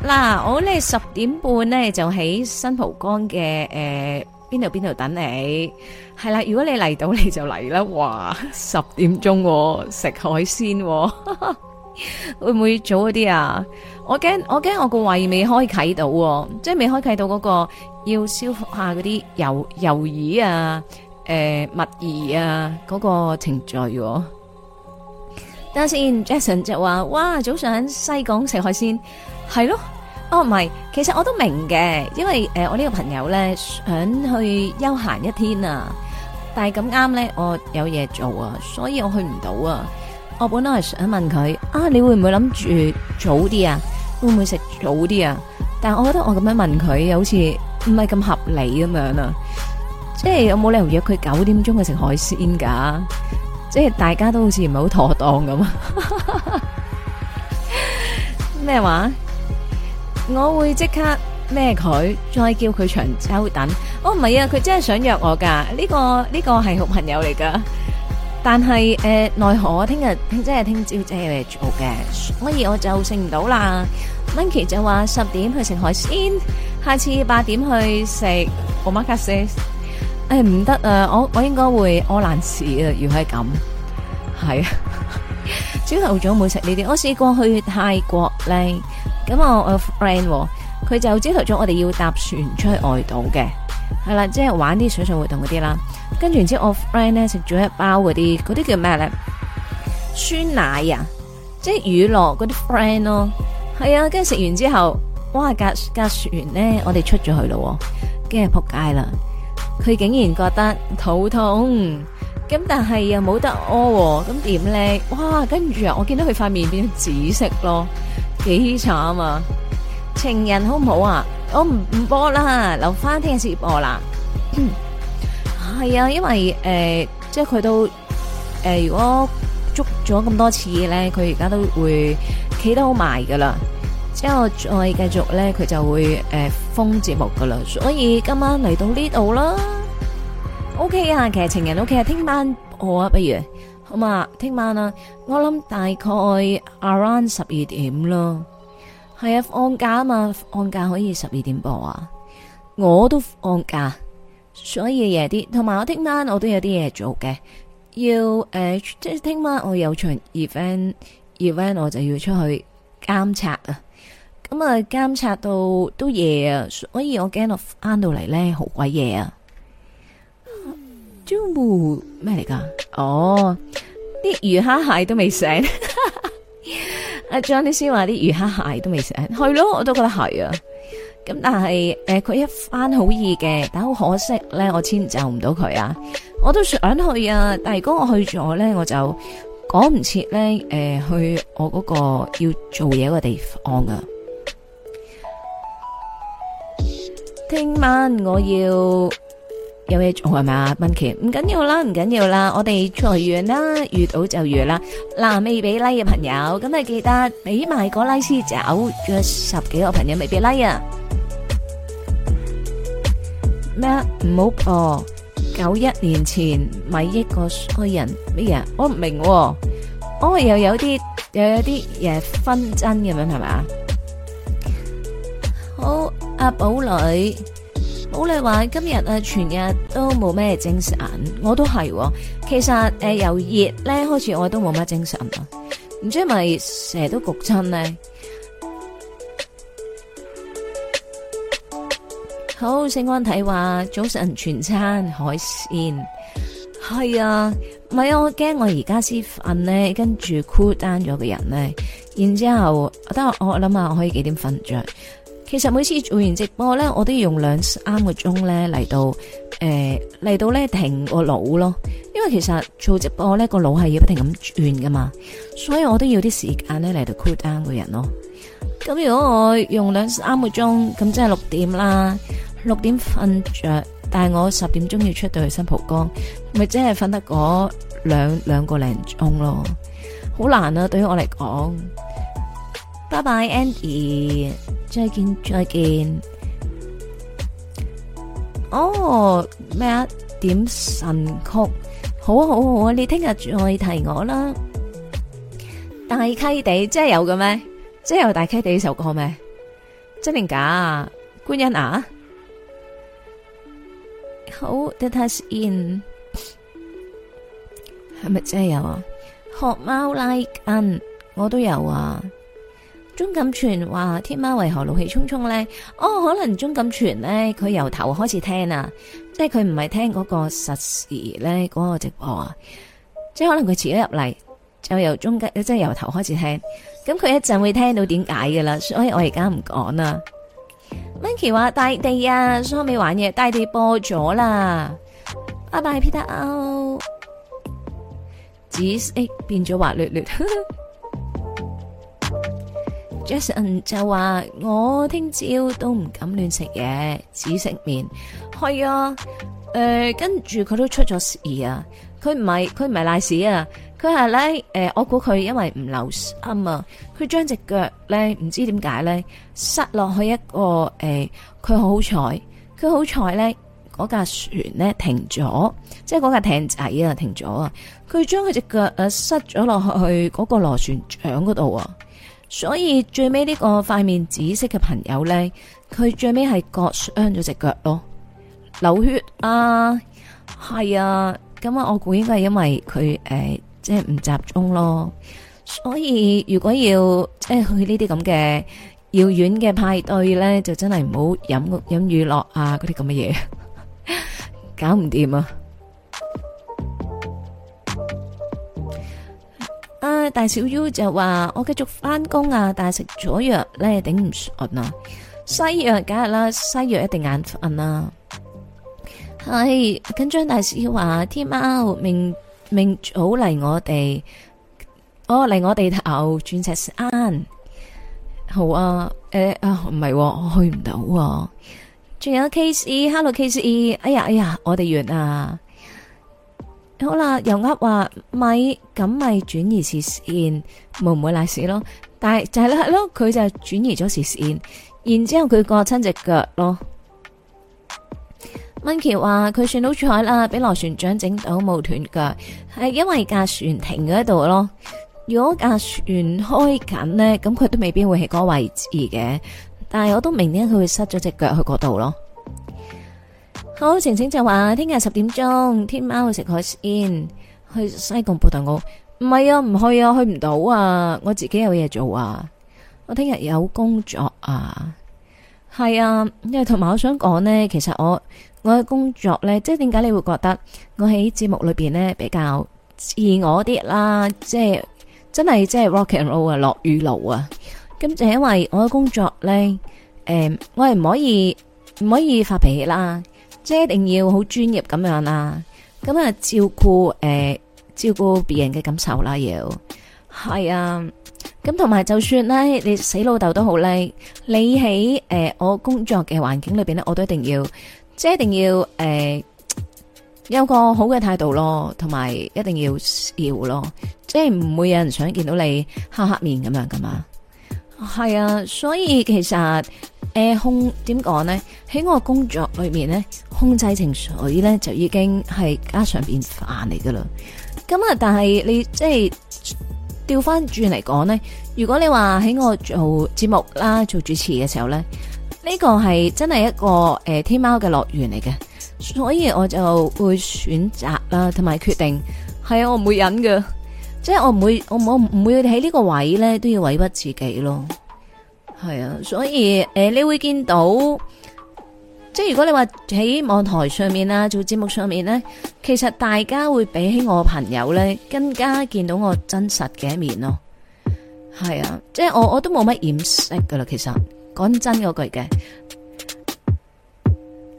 嗱，我咧十點半咧就喺新蒲崗嘅誒邊度邊度等你。係啦，如果你嚟到你就嚟啦。哇，十點鐘喎！食海鮮喎！ [laughs] 會唔會早啲啊？我驚我驚我個胃未開啟到、哦，即係未開啟到嗰個要消化嗰啲魷魷魚啊、誒、呃、物魚啊嗰、嗰個程序、哦。等下先，Jason 就話：哇，早上喺西港食海鮮，係咯？哦，唔係，其實我都明嘅，因為誒、呃，我呢個朋友咧想去休閒一天啊，但係咁啱咧，我有嘢做啊，所以我去唔到啊。我本來想問佢啊，你會唔會諗住早啲啊？會唔會食早啲啊？但係我覺得我咁樣問佢，又好似唔係咁合理咁樣啊！即係有冇理由約佢九點鐘去食海鮮噶？即係大家都好似唔係好妥當咁啊。咩話？我會即刻孭佢，再叫佢長洲等。我唔係啊，佢真係想約我噶。呢個、呢個係好朋友嚟噶。但係誒，奈何我聽日即係聽朝即係嚟做嘅，所以我就食唔到啦。Minky 就話十點去食海鮮，下次八點去食 omakase。誒唔得啊，我我應該會屙爛屎啊。如果係咁，係啊，朝頭早冇食呢啲。我試過去泰國咧，咁我我 friend 佢就朝頭早我哋要搭船出去外島嘅，係啦，即係玩啲水上活動嗰啲啦。跟住然之後，我 friend 咧，食咗一包嗰啲，嗰啲叫咩咧？酸奶啊，即係乳酪嗰啲 brand 咯。係啊，跟住食完之後，哇！隔隔完咧，我哋出咗去了咯，跟住仆街啦。佢竟然覺得肚痛，咁但係又冇得屙、啊，咁點咧？哇！跟住啊，我見到佢塊面變紫色咯，幾慘啊！情人好唔好啊？我唔唔播啦，留翻聽日先播啦。 [coughs] 係啊，因為誒、呃，即係佢都誒、呃，如果捉咗咁多次咧，佢而家都會企得好埋噶啦。之後再繼續咧，佢就會誒、呃、封節目噶啦。所以今晚嚟到呢度啦，OK 啊，其實情人 OK 啊，聽晚播啊，不如好嘛？聽晚啊，我諗大概 around 十二點咯。係啊，放假啊嘛，放假可以十二點播啊？我都放假。所以夜啲，同埋我聽晚我都有啲嘢做嘅，要誒、呃，即係聽晚我有場 event，event event 我就要出去監察啊，咁啊監察到都夜啊，所以我驚我翻到嚟咧好鬼夜啊。Jumbo 咩嚟噶？哦，啲魚蝦蟹都未醒。阿 [laughs] Johnny，你先話啲魚蝦蟹都未醒，係咯，我都覺得係啊。咁但係誒，佢，呃、一番好意嘅，但好可惜咧，我遷就唔到佢啊！我都想去啊，但係如果我去咗咧，我就趕唔切咧誒，去我嗰個要做嘢嘅地方啊！聽 [music] 晚我要有嘢做係咪啊？monkey 唔緊要啦，唔緊要啦，我哋裁員啦，遇到就遇啦，嗱未俾拉嘅朋友，咁咪記得俾埋個拉斯走，約十幾個朋友未俾拉啊！咩唔好哦。九一年前咪益個衰人乜嘢？我唔明哦，我又有啲又有啲嘢紛爭咁樣係咪？好，阿寶女，寶女話今日啊全日都冇咩精神，我都係、哦，其實誒、呃、由熱咧開始我都冇乜精神啊，唔知係咪成日都焗親咧。好，星哥睇話早晨全餐海鮮，係啊，咪、啊、我驚我而家先瞓咧，跟住 cool down 咗個人咧，然之後，得我諗下我，我可以幾點瞓着。其實每次做完直播咧，我都要用兩三個鐘咧嚟到誒嚟、呃、到咧停個腦咯，因為其實做直播咧個腦係要不停咁轉噶嘛，所以我都要啲時間咧嚟到 cool down 個人咯。咁如果我用兩三個鐘，咁即係六點啦。六點瞓着，但係我十點鐘要出到去新蒲崗，咪真係瞓得嗰兩兩個零鐘咯，好難啊！對於我嚟講，拜拜，Andy，再見，再見。哦、oh，咩啊？點神曲？好啊，好啊，好啊！你聽日再提我啦。大溪地真係有嘅咩？真係有大溪地呢首歌咩？真定假？觀音啊？好，That a s in 係咪真係有啊？學貓 like、an? 我都有啊。鍾錦全話：天喵為何怒氣沖沖咧？哦，可能鍾錦全咧，佢由頭開始聽啊，即係佢唔係聽嗰個實時咧嗰、嗰個直播啊，即係可能佢遲咗入嚟，就由中即係由頭開始聽，咁佢一陣會聽到點解噶啦，所以我而家唔講啦。Minky 話大地啊，收尾玩嘢，大地播咗啦。拜拜，Peter O，紫色變咗滑捋捋。 [laughs] Jason 就話我聽朝都唔敢亂食嘢，只食麵係啊。誒、呃，跟住佢都出咗事啊。佢唔係佢唔係瀨屎啊，佢係咧誒，我估佢因為唔留心啊。佢將隻腳咧唔知點解咧，塞落去一個誒，佢好彩，佢好彩咧，嗰架船咧停咗，即係嗰架艇仔啊停咗啊！佢將佢隻腳誒塞咗落去嗰個螺旋槳嗰度啊，所以最尾呢個塊面紫色嘅朋友咧，佢最尾係割傷咗隻腳咯，流血啊，係啊，咁啊，我估應該係因為佢誒、欸，即係唔集中咯。所以如果要即係去呢啲咁嘅遙遠嘅派對咧，就真係唔好飲飲娛樂啊，嗰啲咁嘅嘢，搞唔掂啊！啊，大小 U 就話我繼續翻工啊，但係食咗藥咧頂唔順啊，西藥梗係啦，西藥一定眼瞓啦！係緊張大師話天喵明明早嚟我哋。哦，嚟我地頭轉石山，好啊，誒、欸、啊唔係，我、啊、去唔到、啊。仲有 Casey，Hello、e, Casey，哎呀哎呀，我哋完好啊好啦，又呃話咪咁咪轉移視線，冇唔會瀨屎咯。但係就係啦係咯，佢就轉移咗視線，然之後佢割親隻腳咯。Monkey 話佢算好彩啦，俾羅船長整到冇斷腳，係因為架船停喺度咯。如果架船開緊呢，咁佢都未必會喺嗰個位置嘅。但係我都明呢，佢會塞咗隻腳去嗰度咯。好，晴晴就話，聽日十點鐘，天貓去食海鮮，去西貢布袋澳。唔係啊，唔去啊，去唔到啊，我自己有嘢做啊。我聽日有工作啊。係啊，因為同埋我想講呢，其實我我嘅工作呢，即係點解你會覺得我喺節目裏邊呢比較自我啲啦，即係。真係即係 rock and roll 啊，落雨露啊。咁就因為我嘅工作呢，誒、呃，我係唔可以唔可以發脾氣啦，即係一定要好專業咁樣啦，咁啊照顧誒、呃、照顧別人嘅感受啦，要係啊，咁同埋就算呢，你死老豆都好叻。你喺誒、呃、我工作嘅環境裏邊呢，我都一定要即係一定要誒。呃有個好嘅態度咯，同埋一定要笑咯，即係唔會有人想見到你黑黑面咁樣噶嘛。係啊，所以其實誒空點講呢，喺我工作裏面呢，控制情緒呢就已經係家常便飯嚟噶啦。咁、嗯、啊，但係你即係調翻轉嚟講呢，如果你話喺我做節目啦、做主持嘅時候呢、呢、這個係真係一個誒、呃，天喵嘅樂園嚟嘅。所以我就會選擇啦，同埋決定係啊，我唔會忍㗎，即係我唔會，我我唔會喺呢個位咧都要委屈自己咯。係啊，所以誒、呃，你會見到，即係如果你話喺網台上面啊，做節目上面咧，其實大家會比起我朋友咧，更加見到我真實嘅一面咯。係啊，即係我我都冇乜掩飾噶啦，其實講真嗰句嘅。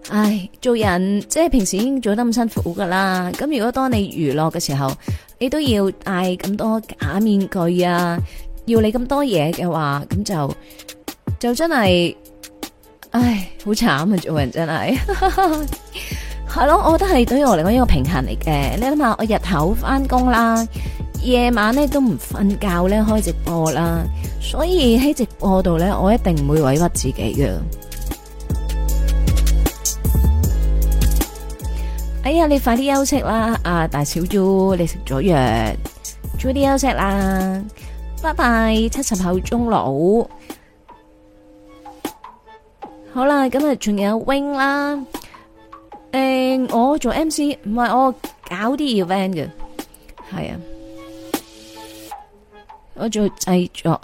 唉，做人即係平時已經做得咁辛苦噶啦，咁如果當你娛樂嘅時候，你都要戴咁多假面具啊，要你咁多嘢嘅話，咁就就真係唉，好慘啊！做人真係，係咯，我覺得係對於我嚟講一個平衡嚟嘅。你諗下，我日頭翻工啦，夜晚咧都唔瞓覺咧，開直播啦，所以喺直播度咧，我一定唔會委屈自己嘅。哎呀，你快啲休息啦！阿大小豬，你食咗藥，早啲休息啦。拜拜，七十後鐘佬。好啦，咁啊，仲有 Wing 啦。誒，我做 MC，唔係我搞啲 event 嘅，係啊，我做製作。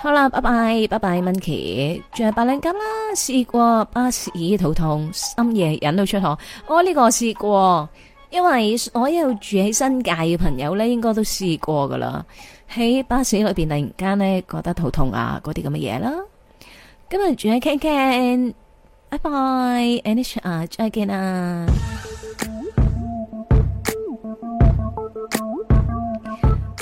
好啦，拜拜拜拜，文琪，仲有八兩金啦，試過巴士嘅肚痛，深夜忍到出汗，哦這個、我呢個試過，因為所有住喺新界嘅朋友咧，應該都試過噶啦，喺巴士裏邊突然間咧覺得肚痛啊，嗰啲咁嘅嘢啦。今日住喺 ken k 傾 n 拜拜，Anish 啊，再見啊。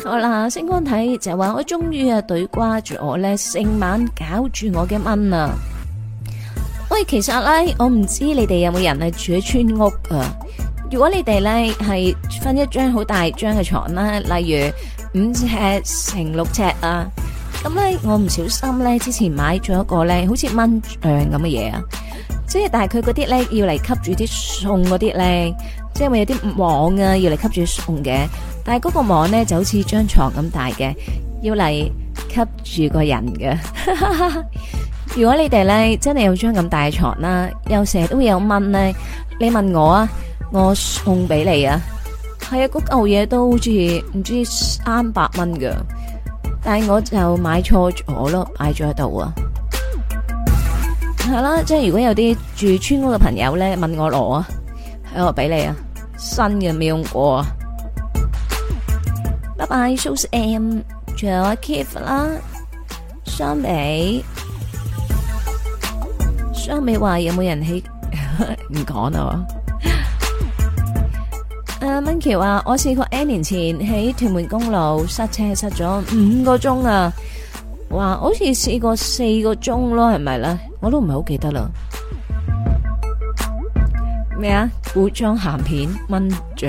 好啦，星光睇就話我終於啊對掛住我咧，成晚搞住我嘅蚊啊！喂，其實咧，我唔知你哋有冇人係住喺村屋啊？如果你哋咧係分一張好大張嘅床啦，例如五尺乘六尺啊，咁咧我唔小心咧之前買咗一個咧，好似蚊帳咁嘅嘢啊，即係，但係佢嗰啲咧要嚟吸住啲餸嗰啲咧。即係咪有啲網啊，要嚟吸住送嘅，但係嗰個網咧就好似張床咁大嘅，要嚟吸住個人嘅。 [laughs] 如果你哋咧真係有張咁大床啦，又成日都會有蚊咧，你問我啊，我送俾你啊。係啊，嗰嚿嘢都好似唔知三百蚊噶，但係我就買錯咗咯，擺咗喺度啊。係啦，即係如果有啲住村屋嘅朋友咧，問我攞啊，我俾你啊。新嘅未用過，拜拜。蘇 Sir，仲有阿 keep 啦，雙美，雙美話有冇人起？唔講啦。阿蚊橋啊，我試過 N 年前喺屯門公路塞車塞咗五個鐘啊，哇好似試過四個鐘咯，係咪啦？我都唔係好記得啦。咩啊？古裝咸片蚊醬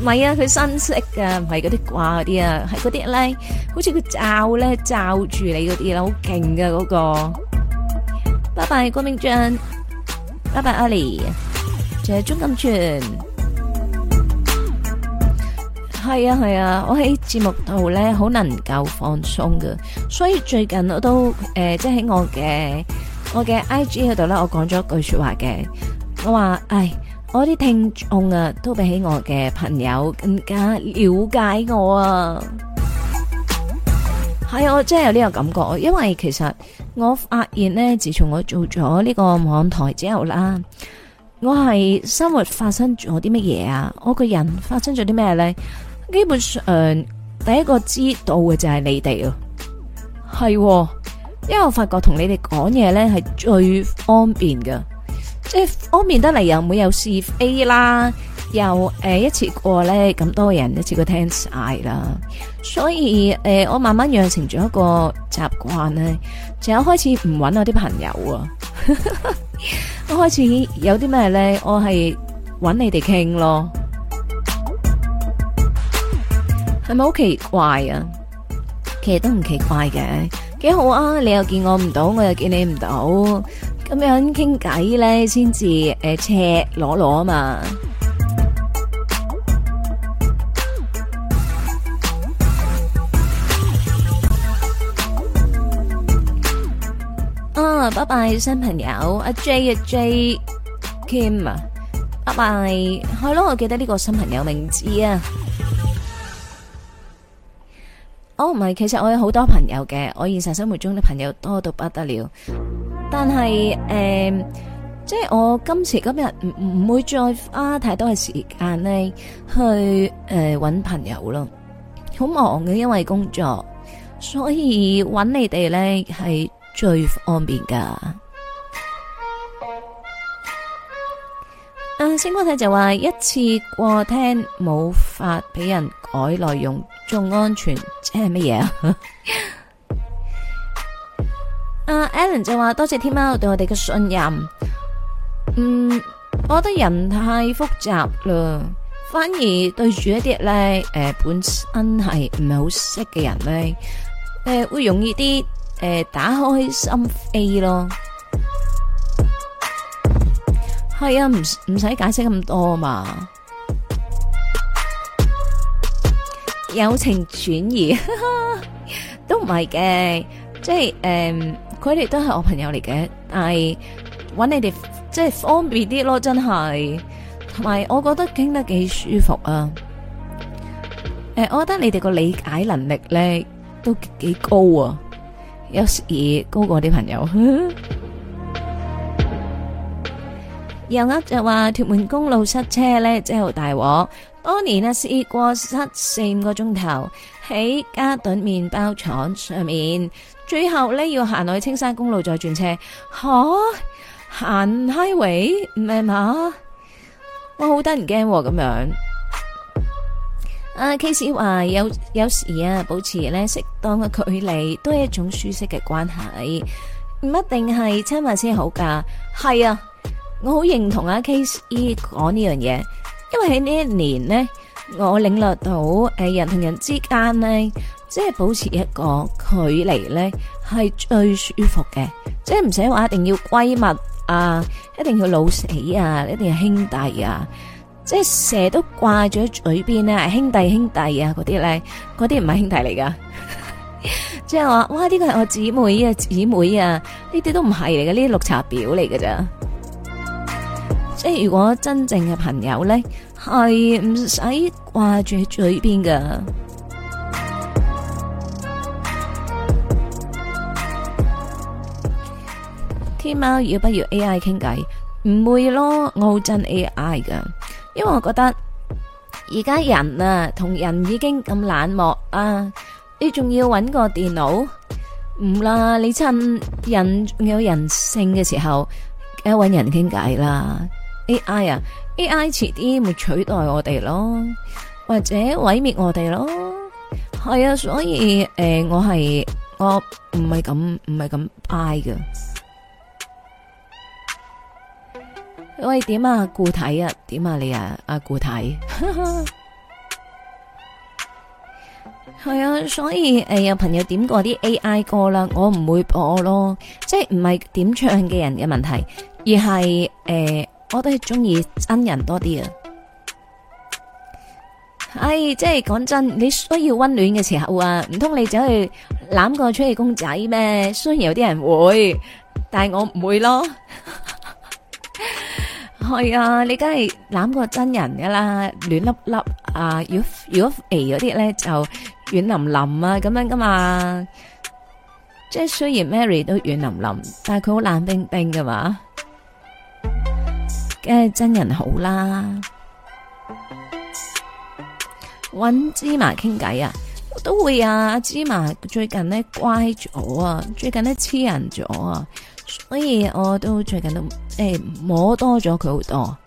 唔係啊？佢新式㗎唔係嗰啲掛嗰啲啊，係嗰啲咧，好似佢罩咧罩住你嗰啲啦，好勁㗎嗰個。拜拜，郭明俊。拜拜，阿麗。仲有鐘金全。係啊係啊，我喺節目度咧，好能夠放鬆㗎，所以最近我都誒，即係喺我嘅我嘅 I G 嗰度咧，我講咗一句說話嘅。我話，唉，我啲聽眾啊，都比起我嘅朋友更加了解我啊。係， [music] 哎，我真係有呢個感覺，因為其實我發現呢，自從我做咗呢個網台之後啦，我係生活發生咗啲乜嘢啊，我個人發生咗啲咩呢？基本上第一個知道嘅就係你哋咯。係，哦，因為我發覺同你哋講嘢呢係最方便㗎。即係方便得嚟，又冇有是非啦，又誒、呃、一次過咧，咁多人一次過聽晒啦，所以誒、呃、我慢慢養成咗一個習慣咧，就有開始唔搵我啲朋友啊， [laughs] 我開始有啲咩咧，我係搵你哋傾咯，係咪好奇怪啊？其實都唔奇怪嘅，幾好啊！你又見我唔到，我又見你唔到。咁樣傾偈咧，先至誒，赤裸裸啊嘛！啊，拜拜新朋友阿 J 啊 J Kim 啊，拜拜，係咯，我記得呢個新朋友名字啊。哦，唔係，其實我有好多朋友嘅，我現實生活中嘅朋友多到不得了。但係誒、呃，即係我今時今日唔唔會再花太多嘅時間咧，去、呃、誒搵朋友咯，好忙嘅，因為工作，所以搵你哋咧係最方便噶，呃。星光睇就話一次過聽冇法俾人改內容，仲安全，即係乜嘢啊？ [laughs] 阿 Alan 就話多謝天喵對我哋嘅信任。嗯，我覺得人太複雜啦，反而對住一啲咧，誒，本身係唔係好識嘅人咧，誒，會容易啲，誒，打開心扉咯。係啊，唔唔使解釋咁多嘛。友情轉移都唔係嘅，即係誒。佢哋都係我朋友嚟嘅，但係搵你哋即係方便啲咯，真係，同埋我覺得傾得幾舒服啊！誒、欸，我覺得你哋個理解能力咧都幾，幾高啊，有時高過我啲朋友。楊呃就話：屯門公路塞車咧，真係好大鑊。當年啊，試過塞四個鐘頭。喺嘉頓麵包廠上面，最後咧要行落去青山公路再轉車，吓行開位？唔係嘛？我好得人驚咁樣。阿 Casey 話有有時啊，保持咧適當嘅距離都係一種舒適嘅關係，唔一定係親密先好噶。係啊，我好認同阿、啊、Casey 講呢樣嘢，因為喺呢一年呢。我領略到誒，人同人之間咧，即係保持一個距離咧，係最舒服嘅，即係唔使話一定要閨蜜啊，一定要老死啊，一定要兄弟啊，即係成日都掛住喺嘴邊咧、啊，兄弟兄弟啊嗰啲呢，嗰啲咧，嗰啲唔係兄弟嚟噶， [laughs] 即係話哇，呢個係我姊妹啊，姊妹啊，呢啲都唔係嚟嘅，呢啲綠茶婊嚟噶咋，即係如果真正嘅朋友咧。係唔使掛住喺嘴邊噶。天喵要不要 A I 傾偈？唔會咯，我好憎 A I 噶，因為我覺得而家人啊同人已經咁冷漠啊，你仲要搵個電腦？唔、啊、啦，你趁人仲有人性嘅時候，梗係搵人傾偈啦。A I 啊！AI 遲啲，會取代我哋囉，或者，毀滅我哋囉。係啊，所以，呃，我係，我，唔係咁，唔係咁，嗌㗎。我都係中意真人多啲啊！唉，即係講真，你需要溫暖嘅時候啊，唔通你走去攬個吹氣公仔咩？雖然有啲人會，但係我唔會咯。係啊，你梗係攬個真人噶啦，暖粒粒啊！如果如果肥嗰啲咧就軟腍腍啊，咁樣噶嘛。即係雖然 Mary 都軟腍腍，但係佢好冷冰冰噶嘛。梗係真人好啦，揾芝麻傾偈啊，我都會啊。芝麻最近呢，乖咗啊，最近呢，黐人咗啊，所以我都最近都誒、欸、摸多咗佢好多。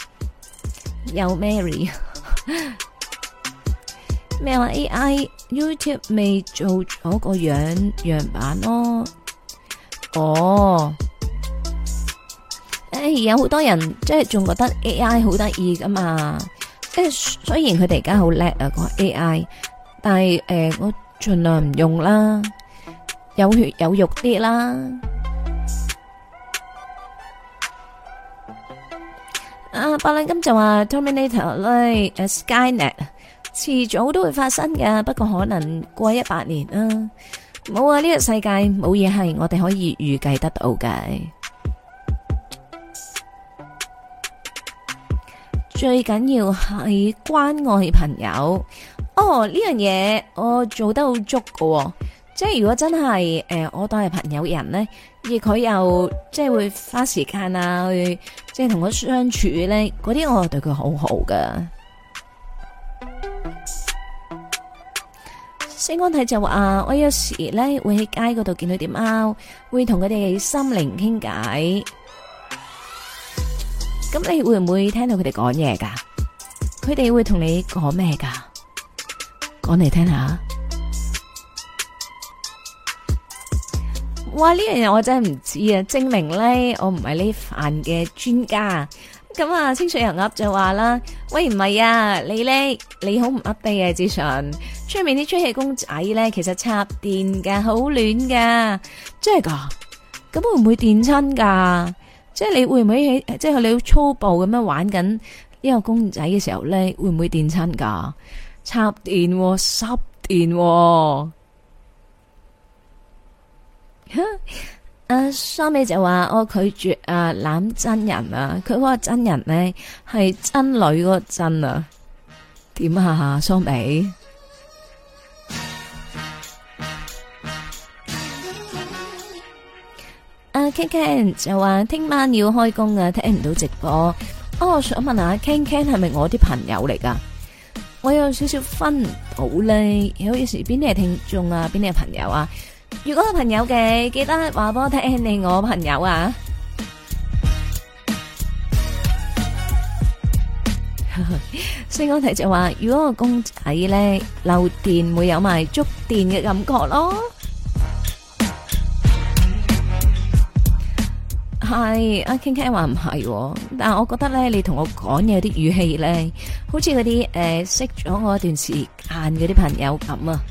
有 mary 咩話 [laughs] ？AI YouTube 未做咗個樣樣板咯？哦。誒，有好多人即係仲覺得 AI 好得意㗎嘛，即係雖然佢哋而家好叻啊，個 AI，但係誒，我盡量唔用啦，有血有肉啲啦。啊，伯樂金就話 Terminator 咧，誒，Skynet 遲早都會發生㗎，不過可能過一百年啊。冇啊，呢個世界冇嘢係我哋可以預計得到嘅。最緊要係關愛朋友哦，呢樣嘢我做得好足嘅、哦，即係如果真係誒、呃，我當係朋友人呢，而佢又即係會花時間啊，去即係同佢相處呢，嗰啲我對佢好好嘅。星光體就話啊，我有時呢會喺街嗰度見到啲貓，會同佢哋心靈傾偈。咁你會唔會聽到佢哋講嘢噶？佢哋會同你講咩噶？講嚟聽下。哇！呢樣嘢我真係唔知啊，證明咧我唔係呢範嘅專家。咁啊，清水人鴨就話啦：喂，唔係啊，你咧你好唔噏啲嘢，志純，出面啲吹氣公仔咧，其實插電嘅好暖嘅，真係噶？咁會唔會電親噶？即係你會唔會喺，即係你好粗暴咁樣玩緊呢個公仔嘅時候呢，會唔會電親㗎？插電、哦，濕電、哦。阿 [laughs] 雙、啊、美就話我拒絕啊攬真人啊，佢話真人呢係真女嗰個真啊，點啊，雙美？Ken Ken 就話聽晚要開工啊，聽唔到直播。我想問下 Ken Ken 係咪我啲朋友嚟噶？我有少少分到咧，有冇有時邊啲係聽眾啊？邊啲係朋友啊？如果係朋友嘅，記得話幫我聽你我朋友啊。所以嗰題就話，如果個公仔咧漏電，會有埋觸電嘅感覺咯。係阿 Kiki 話唔係，但係我覺得咧，你同我講嘢啲語氣咧，好似嗰啲誒識咗我一段時間嗰啲朋友咁啊！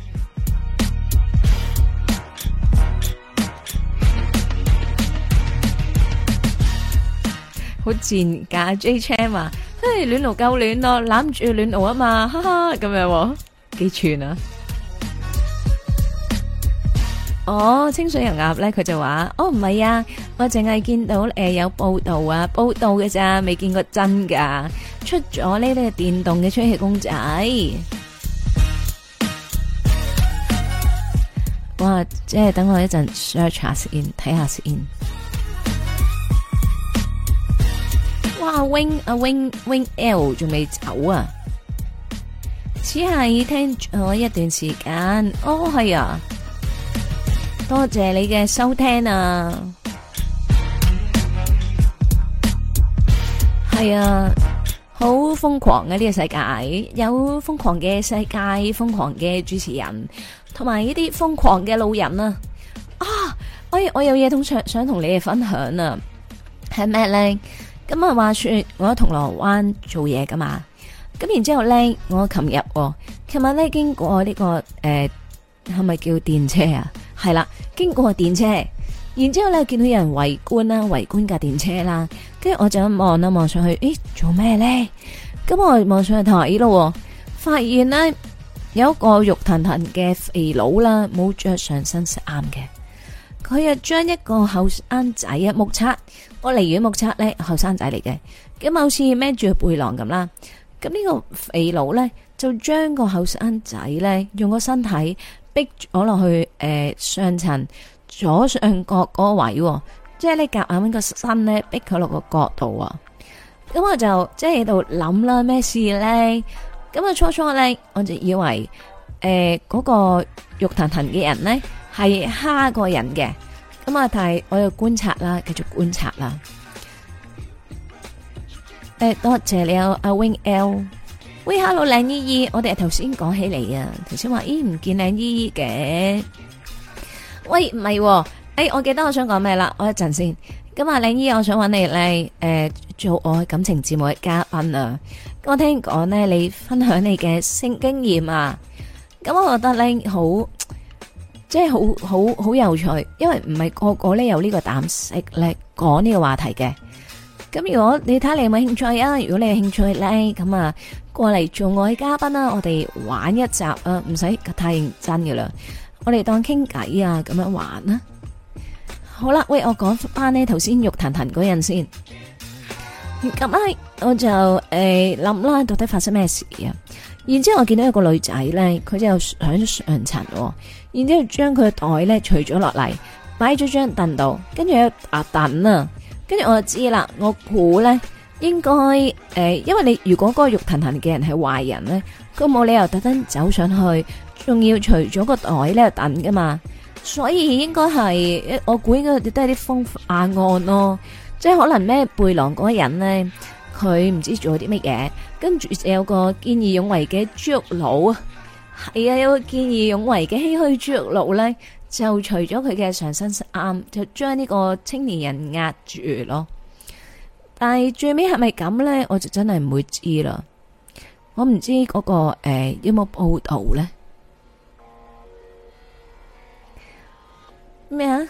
[music] 好賤，㗎 J Chan 話，嘿暖爐夠暖咯，攬住暖爐啊嘛，哈哈咁樣，哦，幾串啊！哦、oh，清水人鴨咧，佢就話，哦唔係啊，我淨係見到誒、呃、有報道啊，報道嘅咋，未見過真㗎。出咗呢啲電動嘅吹氣公仔。哇，即係等我一陣 search 下先，睇下先。n 哇，wing 阿 wing wing l 仲未走啊？啊只係聽咗一段時間。哦，係啊。多謝你嘅收聽啊！係啊，好瘋狂嘅、啊、呢、呢個世界，有瘋狂嘅世界，瘋狂嘅主持人，同埋呢啲瘋狂嘅老人啊！啊，我我有嘢，同想想同你哋分享啊，係咩咧？咁啊，話說我喺銅鑼灣做嘢噶嘛，咁然之後咧，我琴日，琴日咧經過呢、呢個誒、係、呃、咪叫電車啊？係啦，經過電車，然之後咧，見到有人圍觀啦，圍觀架電車啦，跟住我就咁望啦，望上去，咦，哎，做咩咧？咁我望上去睇咯，發現咧有一個肉騰騰嘅肥佬啦，冇着上身是啱嘅，佢又將一個後生仔啊目測，我離遠目測咧後生仔嚟嘅，咁好似孭住背囊咁啦，咁、這、呢個肥佬咧就將個後生仔咧用個身體。逼咗落去誒、呃、上層左上角嗰位，哦，即係呢夾硬蚊個身咧，逼佢落個角度啊、哦！咁、嗯、我就即係喺度諗啦，咩事咧？咁、嗯、啊初初咧，我就以為誒嗰、呃那個肉騰騰嘅人咧係蝦個人嘅，咁、嗯、啊但係我要觀察啦，繼續觀察啦。誒、嗯，多謝你啊，阿 Wing L。喂，hello，靚姨姨，我哋係頭先講起你啊，頭先話咦唔見靚姨姨嘅？喂，唔係，誒，我記得我想講咩啦，我一陣先。咁啊靚姨，我想揾你嚟誒做我感情節目嘅嘉賓啊！我聽講咧，你分享你嘅性經驗啊，咁我覺得咧好，即係好好好有趣，因為唔係個個咧有呢個膽識咧講呢個話題嘅。咁如果你睇嚟，有冇興趣啊？如果你有興趣咧，咁啊過嚟做我嘅嘉賓啦！我哋玩一集啊，唔使太認真嘅啦，我哋當傾偈啊咁樣玩啦。好啦，喂，我講翻呢頭先肉騰騰嗰人，先咁咧我就誒諗啦，欸、想想到底發生咩事啊？然之後我見到有個女仔咧，佢就響上層，然之後將佢嘅袋咧除咗落嚟，擺咗張凳度，跟住阿凳啊！跟住我就知啦，我估咧應該誒、呃，因為你如果嗰個肉騰騰嘅人係壞人咧，佢冇理由特登走上去，仲要除咗個袋咧度等噶嘛，所以應該係我估應該都係啲風化案咯，即係可能咩背囊嗰個人咧，佢唔知做咗啲乜嘢，跟住有個見義勇為嘅豬肉佬，係啊，有個見義勇為嘅唏噓豬肉佬咧。就除咗佢嘅上身衫，就將呢個青年人壓住咯。但係最尾係咪咁咧，我就真係唔會知啦。我唔知嗰個誒有冇報道咧？咩啊？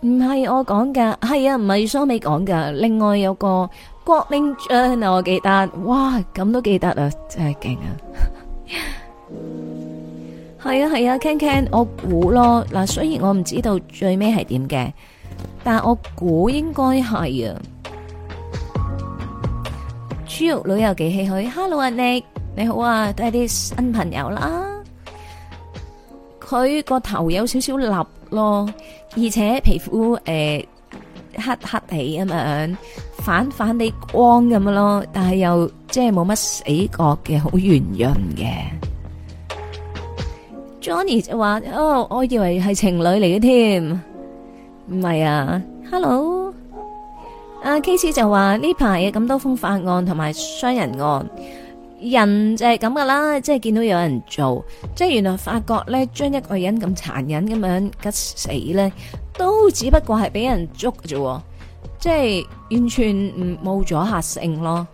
唔係我講噶，係啊，唔係蘇美講噶。另外有個國明章，誒嗱，我記得，哇，咁都記得啊，真係勁啊！係啊係啊，Ken Ken，我估咯嗱，雖然我唔知道最尾係點嘅，但我估應該係啊。豬 [music] 肉女又幾唏嘘，Hello 啊你，你好啊，都係啲新朋友啦。佢個頭有少少立咯，而且皮膚誒、呃、黑黑地咁樣，反反地光咁樣咯，但係又即係冇乜死角嘅，好圓潤嘅。Johnny 就話哦，我以為係情侶嚟嘅添，唔係啊，Hello，阿 K C 就話呢排有咁多風化案同埋傷人案，人就係咁噶啦，即係見到有人做，即係原來發覺咧，將一個人咁殘忍咁樣吉死咧，都只不過係俾人捉啫，即係完全冇阻嚇性咯。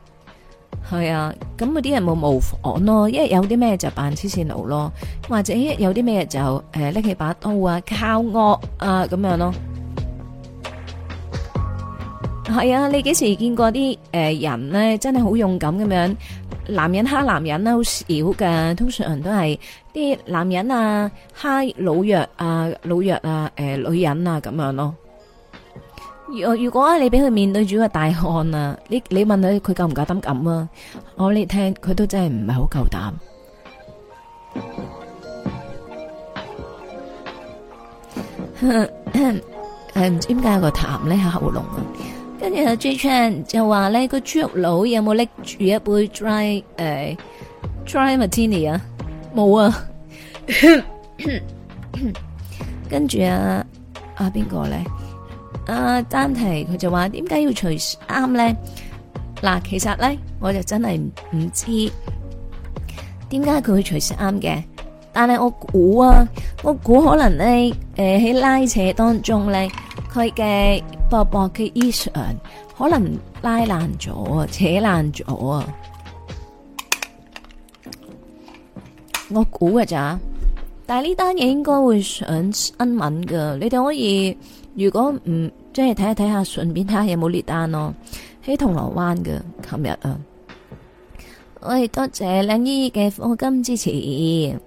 係啊，咁嗰啲人冇模仿咯，一有啲咩就扮痴線佬咯，或者有啲咩就誒拎、呃、起把刀啊，靠惡啊咁樣咯。係啊，你幾時見過啲誒、呃、人咧？真係好勇敢咁樣，男人蝦男人啦，好少噶，通常都係啲男人啊，蝦老弱啊、老弱啊、誒、呃、女人啊咁樣咯。如果如果你俾佢面對住個大漢啊，你你問佢佢夠唔夠膽咁啊？我你聽佢都真係唔係好夠膽。誒唔 [coughs] 知點解有個痰咧喺喉嚨。跟住阿 J Chan 就話咧個豬肉佬有冇拎住一杯 dry 誒 dry Martini 啊？冇 [coughs] 啊。跟住阿阿邊個咧？ [coughs] 啊啊，丹提，佢就話點解要隨時啱除衫咧？嗱，其實咧，我就真係唔知點解佢會除衫嘅。但係我估啊，我估可能咧，誒、呃、喺拉扯當中咧，佢嘅薄薄嘅衣裳可能拉爛咗，啊，扯爛咗啊！我估嘅咋？但係呢單嘢應該會上新聞噶，你哋可以。如果唔即係睇下睇下，順、就是、便睇下有冇列單咯。喺銅鑼灣嘅，琴日啊。我哋多謝靚姨嘅課金支持。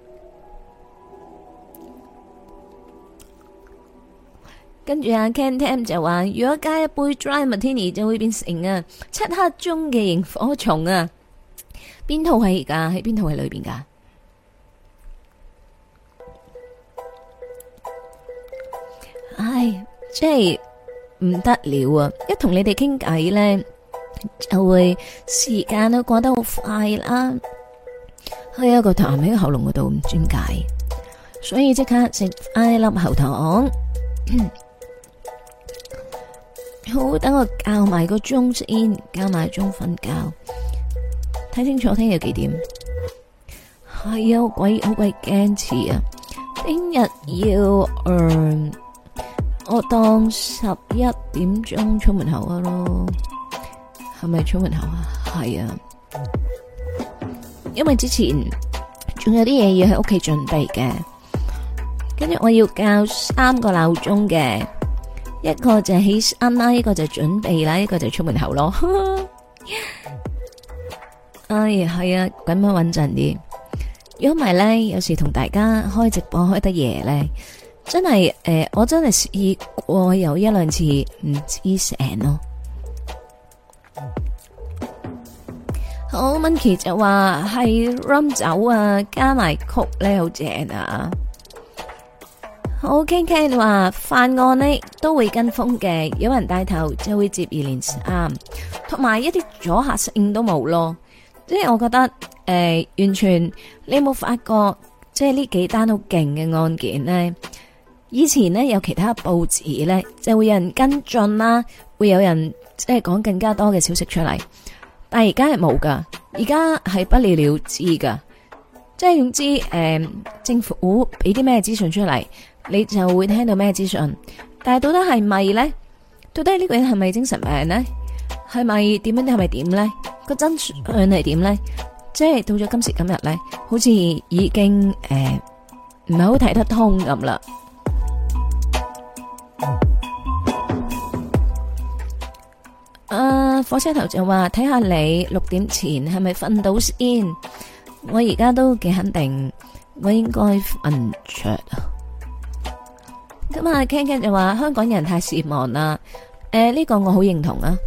跟住阿、啊、Ken Tam 就話，如果加一杯 Dry Martini 就會變成啊，漆黑中嘅螢火蟲啊。邊套係噶？喺邊套係裏邊噶？唉。即係唔得了啊！一同你哋傾偈咧，就會時間都過得好快啦。開一個痰喺喉嚨嗰度唔知點解，所以即刻食埃粒喉糖。好，等我教埋個鐘先，教埋鐘瞓覺。睇清楚，聽日幾點？哎呀，好鬼好鬼驚遲啊！聽日要嗯。我當十一點鐘出門口啊咯，係咪出門口啊？係啊，因為之前仲有啲嘢要喺屋企準備嘅，跟住我要校三個鬧鐘嘅，一個就係起身啦，一個就是準備啦，一個就是出門口咯。哎 [laughs] 呀，係啊，咁樣穩陣啲，如果唔係咧，有時同大家開直播開得夜咧。真係誒、呃，我真係試過有一兩次唔知醒咯。好 Minky 就話係 rum 酒啊，加埋曲咧好正啊。好，Kiki 話犯案呢都會跟風嘅，有人帶頭就會接二連三，同埋一啲阻吓性都冇咯。即係我覺得誒、呃，完全你有冇發覺？即係呢幾單好勁嘅案件呢。以前呢，有其他報紙呢，就會有人跟進啦，會有人即係講更加多嘅消息出嚟。但係而家係冇噶，而家係不了了之噶，即係總之誒，政府俾啲咩資訊出嚟，你就會聽到咩資訊。但係到底係咪呢？到底呢個人係咪精神病呢？係咪點樣？點係咪點呢？個真相係點呢？即係到咗今時今日呢，好似已經誒唔係好睇得通咁啦。啊！火車頭就話睇下你六點前係咪瞓到先？我而家都幾肯定，我應該瞓唔着。咁啊，K K 就話香港人太善忘啦。誒、啊、呢、這個我好認同啊。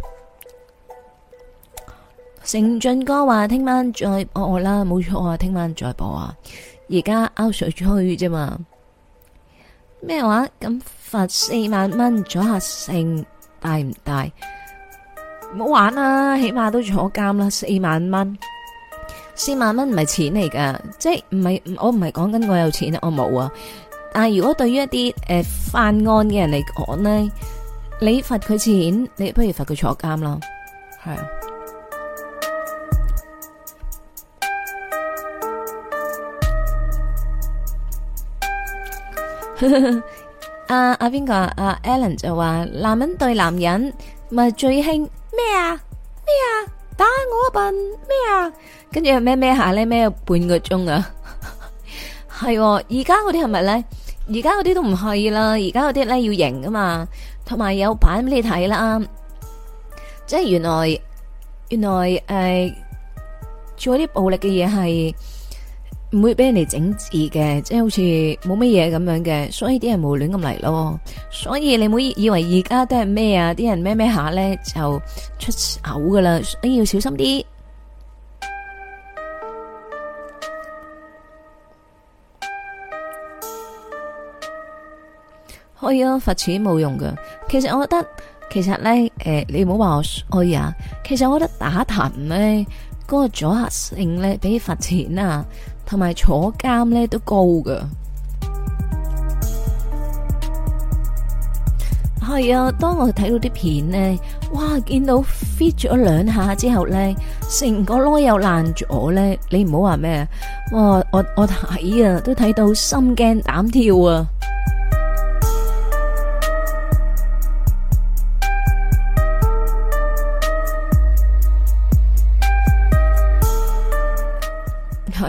成俊哥話聽晚再播啦，冇錯啊，聽晚再播啦啊。而家 out 水出去啫嘛？咩話咁？罰四萬蚊，阻嚇性大唔大？唔好玩啦，起碼都坐監啦，四萬蚊。四萬蚊唔係錢嚟噶，即係唔係？我唔係講緊我有錢啊，我冇啊。但係如果對於一啲誒犯案嘅人嚟講咧，你罰佢錢，你不如罰佢坐監囉，係啊。啊啊邊個啊？Allen 就話男人對男人咪最興咩啊，咩啊打我笨咩啊？跟住咩咩下咧，咩半個鐘啊？係而家嗰啲係咪咧？而家嗰啲都唔係啦，而家嗰啲咧要型啊嘛，同埋有版俾你睇啦。即係原來原來誒做啲暴力嘅嘢係。唔會俾人哋整治嘅，即係好似冇乜嘢咁樣嘅，所以啲人冇亂咁嚟咯。所以你唔好以為而家都係咩啊，啲人咩咩下呢，就出口噶啦，所以要小心啲。 [music] 可以啊，罰錢冇用噶。其實我覺得，其實呢，誒、呃，你唔好話我衰啊。其實我覺得打談呢，嗰、那個阻嚇性呢，比罰錢啊。同埋坐監咧都高噶，係啊！當我睇到啲片咧，哇！見到 fit 咗兩下之後咧，成個囉柚爛咗咧，你唔好話咩？哇！我我睇啊，都睇到心驚膽跳啊！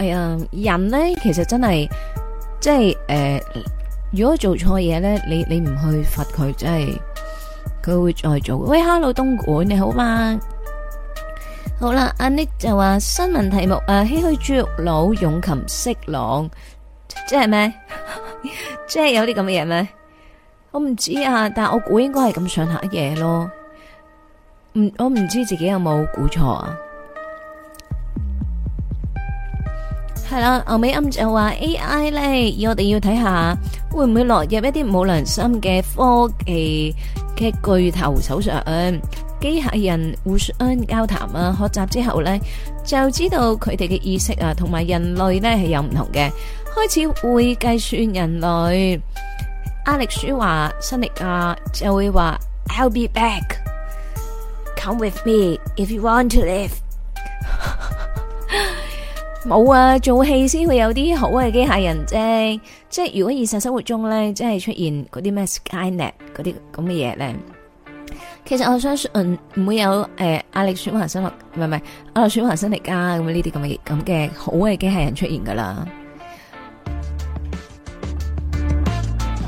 係、哎、啊，人咧其實真係即係誒，如果做錯嘢咧，你你唔去罰佢，即係佢會再做。喂，哈 o 東莞你好嗎？好啦，阿 Nick 就話新聞題目啊，唏噓豬肉佬涌琴色狼，即係咩？ [laughs] 即係有啲咁嘅嘢咩？我唔知啊，但我估應該係咁上下嘢咯。唔，我唔知自己有冇估錯啊。係啦，歐美暗就話 A I 咧，我哋要睇下會唔會落入一啲冇良心嘅科技嘅巨頭手上。嗯，機械人互相交談啊，學習之後咧，就知道佢哋嘅意識啊，同埋人類咧係有唔同嘅，開始會計算人類壓力、說話、壓力啊，就會話 I'll be back，come with me if you want to live。冇啊，做戲先會有啲好嘅機械人啫。即係如果現實生活中咧，即係出現嗰啲咩 SkyNet 嗰啲咁嘅嘢咧，其實我相信唔會有誒阿諾舒華辛力，唔係唔係阿諾舒華辛力加㗎咁呢啲咁嘅咁嘅好嘅機械人出現噶啦。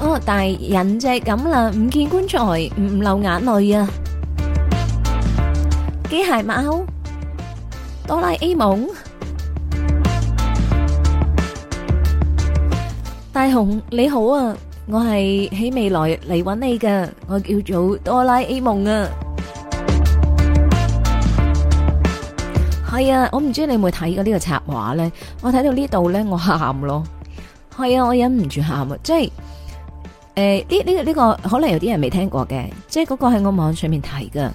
哦，但係人就係咁啦，唔見棺材唔流眼淚啊！機械貓哆啦 A 夢。大雄你好啊，我係喺未來嚟搵你㗎，我叫做哆啦 A 夢啊。係 [music] 啊，我唔知你有冇睇過呢個插畫咧，我睇到這裡呢度咧，我喊咯。係啊，我忍唔住喊啊，即係誒呢呢呢個、呢個呢個、可能有啲人未聽過嘅，即係嗰個喺我網上面提噶，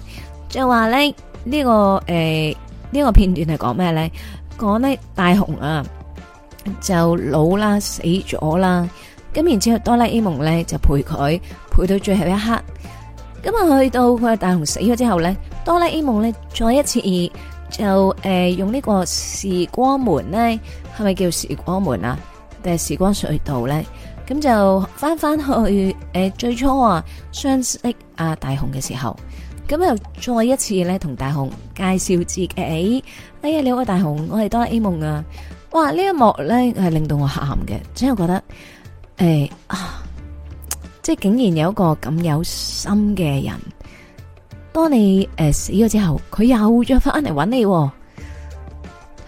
就話咧呢、呢個誒呢、呃呢個片段係講咩咧？講呢，大雄啊。就老啦，死咗啦。咁然之後，哆啦 A 夢咧就陪佢，陪到最後一刻。咁啊，去到佢大雄死咗之後咧，哆啦 A 夢咧再一次就誒用呢個時光門咧，係咪叫時光門啊？定係時光隧道咧？咁就翻翻去誒最初啊相識啊大雄嘅時候，咁又再一次咧同大雄介紹自己。哎呀，你好啊，大雄，我係哆啦 A 夢啊。哇！呢一幕咧係令到我吓喊嘅，真係覺得誒啊！即係竟然有一個咁有心嘅人，當你誒死咗之後，佢又再翻嚟揾你，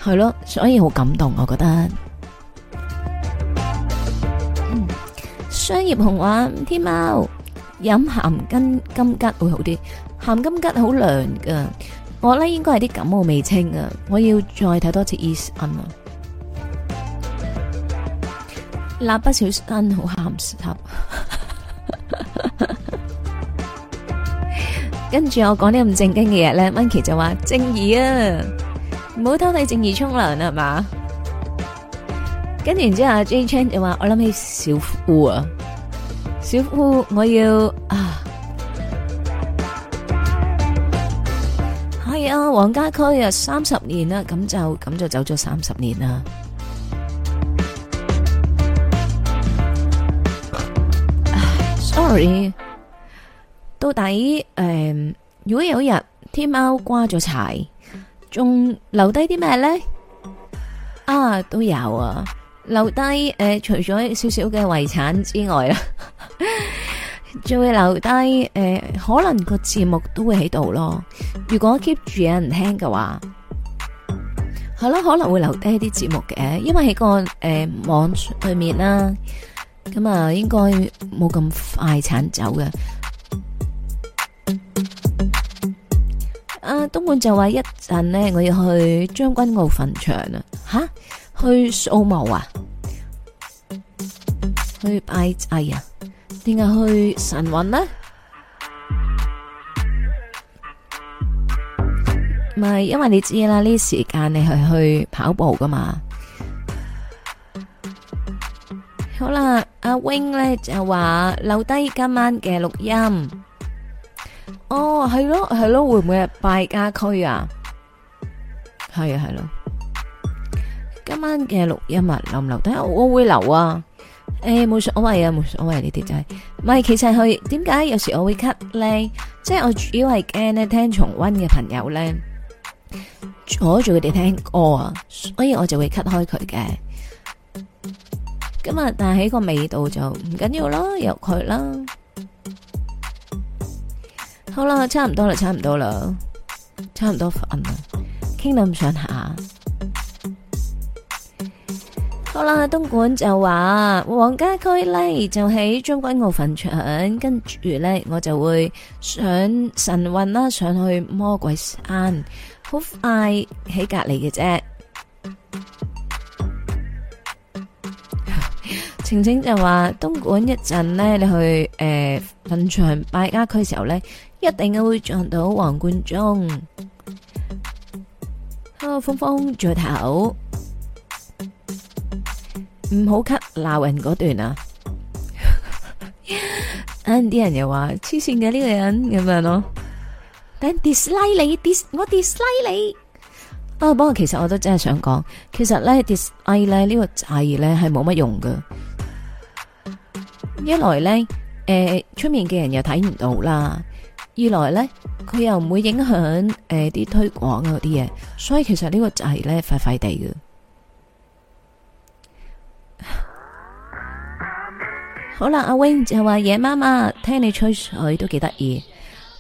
係咯，所以好感動。我覺得。商業紅話天貓飲鹹金金桔會好啲，鹹金桔好涼噶。我咧應該係啲感冒未清啊，我要再睇多次醫生啊。蠟筆小新，好咸濕。跟住我講啲咁正經嘅嘢咧，Monkey 就話正義啊，唔好偷睇正義沖涼係嘛。跟住然之後，Jay Chang 就話我諗起小夫啊，小夫我要啊，係啊，黃家駒啊，三十年啦，咁就咁就走咗三十年啦。Sorry, 到底誒、呃，如果有日天貓瓜咗柴，仲留低啲咩呢？啊，都有啊，留低誒、呃，除咗少少嘅遺產之外啦，仲 [laughs] 會留低誒、呃，可能個節目都會喺度咯。如果 keep 住有人聽嘅話，係咯，可能會留低啲節目嘅，因為喺個誒、呃、網裡面啦、啊。咁啊，應該冇咁快鏟走嘅。啊，東莞就話一陣呢，我要去將軍澳墳場啊！吓，去掃墓啊？去拜祭啊？點解去晨運呢？唔係，因為你知啦，呢時間你係去跑步噶嘛。好啦，阿 wing 咧，就話留低今晚嘅錄音。哦，係咯，係咯，會唔會係敗家區啊？係啊，係咯。今晚嘅錄音啊，留唔留低？我會留啊。誒，冇所謂，冇所謂，呢啲就係。唔係，其實係點解有時我會 cut 咧？即係我主要係驚咧聽重溫嘅朋友咧阻住佢哋聽歌啊，所以我就會 cut 開佢嘅。今日但係喺個味道就唔緊要啦，由佢啦。好啦，差唔多啦，差唔多啦，差唔多瞓啦，傾到咁上下。好啦，東莞就話黃家駒呢，就喺將軍澳墳場，跟住呢，我就會上神運啦，上去魔鬼山，好快喺隔籬嘅啫。晴晴就話東莞一陣咧，你去誒墳場拜家駒嘅時候咧，一定嘅會撞到黃冠中。Hello，峰峰在頭，唔好 cut 鬧人嗰段啊！啲人又話黐線嘅呢個人咁樣咯。等 dislike 你，dis 我 dislike 你啊！不過其實我都真係想講，其實咧 dislike 咧呢個介意咧係冇乜用嘅。一來咧，誒、呃，出面嘅人又睇唔到啦；二來咧，佢又唔會影響誒啲推廣嗰啲嘢，所以其實個呢個就係咧快快地嘅。好啦，阿 Wing 就話夜媽媽聽你吹水都幾得意。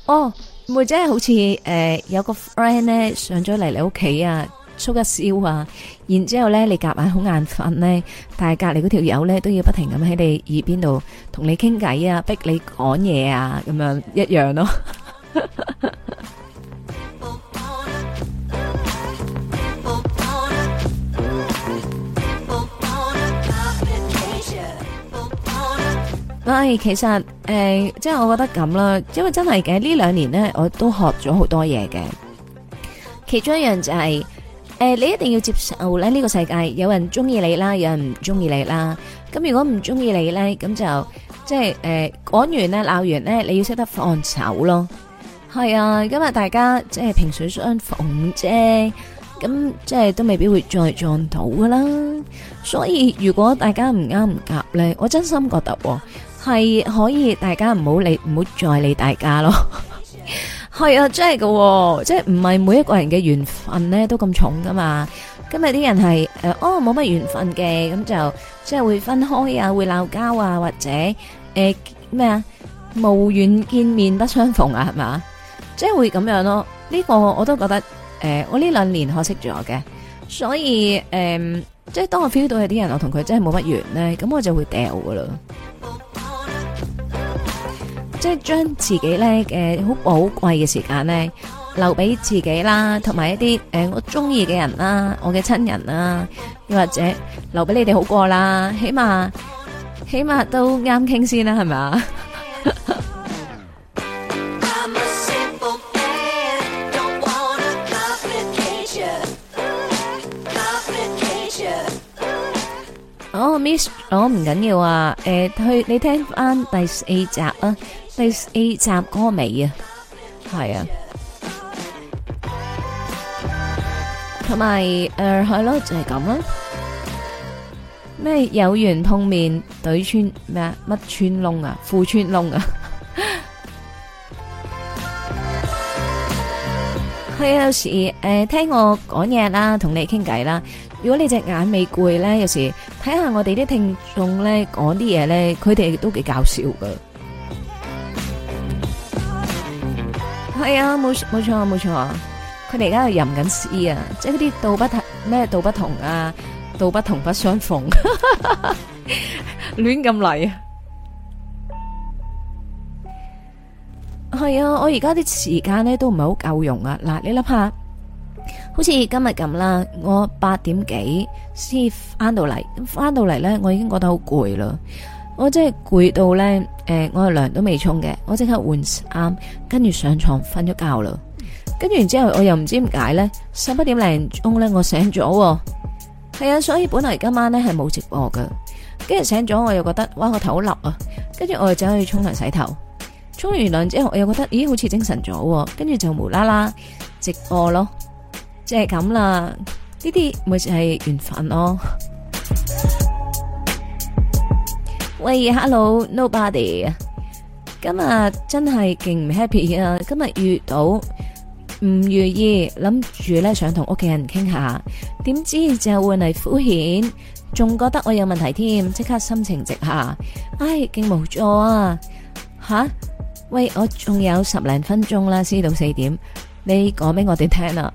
哦，妹姐好似誒、呃、有個 friend 咧上咗嚟你屋企啊！促一宵啊！然之後咧，你夾硬好眼瞓咧，但係隔籬嗰條友咧都要不停咁喺你耳邊度同你傾偈啊，逼你講嘢啊，咁樣一樣咯。唉，其實誒，即係我覺得咁啦，因為真係嘅呢兩年咧，我都學咗好多嘢嘅，其中一樣就係。誒，你一定要接受咧，呢個世界有人中意你啦，有人唔中意你啦。咁如果唔中意你咧，咁就即係誒，講完咧，鬧完咧，你要識得放手咯。係啊，今日大家即係萍水相逢啫，咁即係都未必會再撞到噶啦。所以如果大家唔啱唔夾咧，我真心覺得喎，係可以，大家唔好理，唔好再理大家咯。係啊，真係噶、哦，即係唔係每一個人嘅緣分咧都咁重噶嘛。今日啲人係誒，哦，冇乜緣分嘅，咁就即係會分開啊，會鬧交啊，或者誒咩、呃、啊，無緣見面不相逢啊，係嘛，即係會咁樣咯。呢、這個我都覺得誒、呃，我呢兩年學識咗嘅，所以誒、呃，即係當我 feel 到有啲人我同佢真係冇乜緣咧，咁我就會掉噶啦。即係將自己咧，誒，好寶貴嘅時間咧，留俾自己啦，同埋一啲誒，我中意嘅人啦，我嘅親人啦，又或者留俾你哋好過啦，起碼起碼都啱傾先啦，係咪、 [laughs] oh, oh, 啊？哦，Miss，我唔緊要啊，誒，去你聽翻第四集啊。A 集嗰尾啊，係啊，同埋誒係咯，就係咁啦。咩有緣碰面，對穿咩乜穿窿啊，褲穿窿啊。係啊，有時誒聽我講嘢啦，同你傾偈啦。如果你隻眼未攰咧，有時睇下我哋啲聽眾咧講啲嘢咧，佢哋都幾搞笑噶。係啊，冇冇錯，冇錯，佢哋而家又吟緊詩啊，即係啲道不同咩道不同啊，道不同不相逢，亂咁嚟啊！係啊，我而家啲時間咧都唔係好夠用啊。嗱，你諗下，好似今日咁啦，我八點幾先翻到嚟，翻到嚟咧，我已經覺得好攰喇。我真係攰到呢，誒、呃，我個涼都未沖嘅，我即刻換衫，跟住上床瞓咗覺喇。跟住然之後，我又唔知點解呢，十一點零鐘呢，我醒咗、哦。係啊，所以本來今晚呢係冇直播噶。跟住醒咗，我又覺得，哇，個頭好笠啊。跟住我就走去沖涼洗頭，沖完涼之後，我又覺得，咦，好似精神咗、哦。跟住就無啦啦直播咯，即係咁啦。呢啲好似係緣分咯。喂，Hello，Nobody，今日真係勁唔 happy 啊！今日遇到唔如意，諗住咧想同屋企人傾下，點知就係換嚟敷衍，仲覺得我有問題添，即刻心情直下，唉，勁無助啊！吓、啊，喂，我仲有十零分鐘啦，先到四點，你講俾我哋聽啦、啊，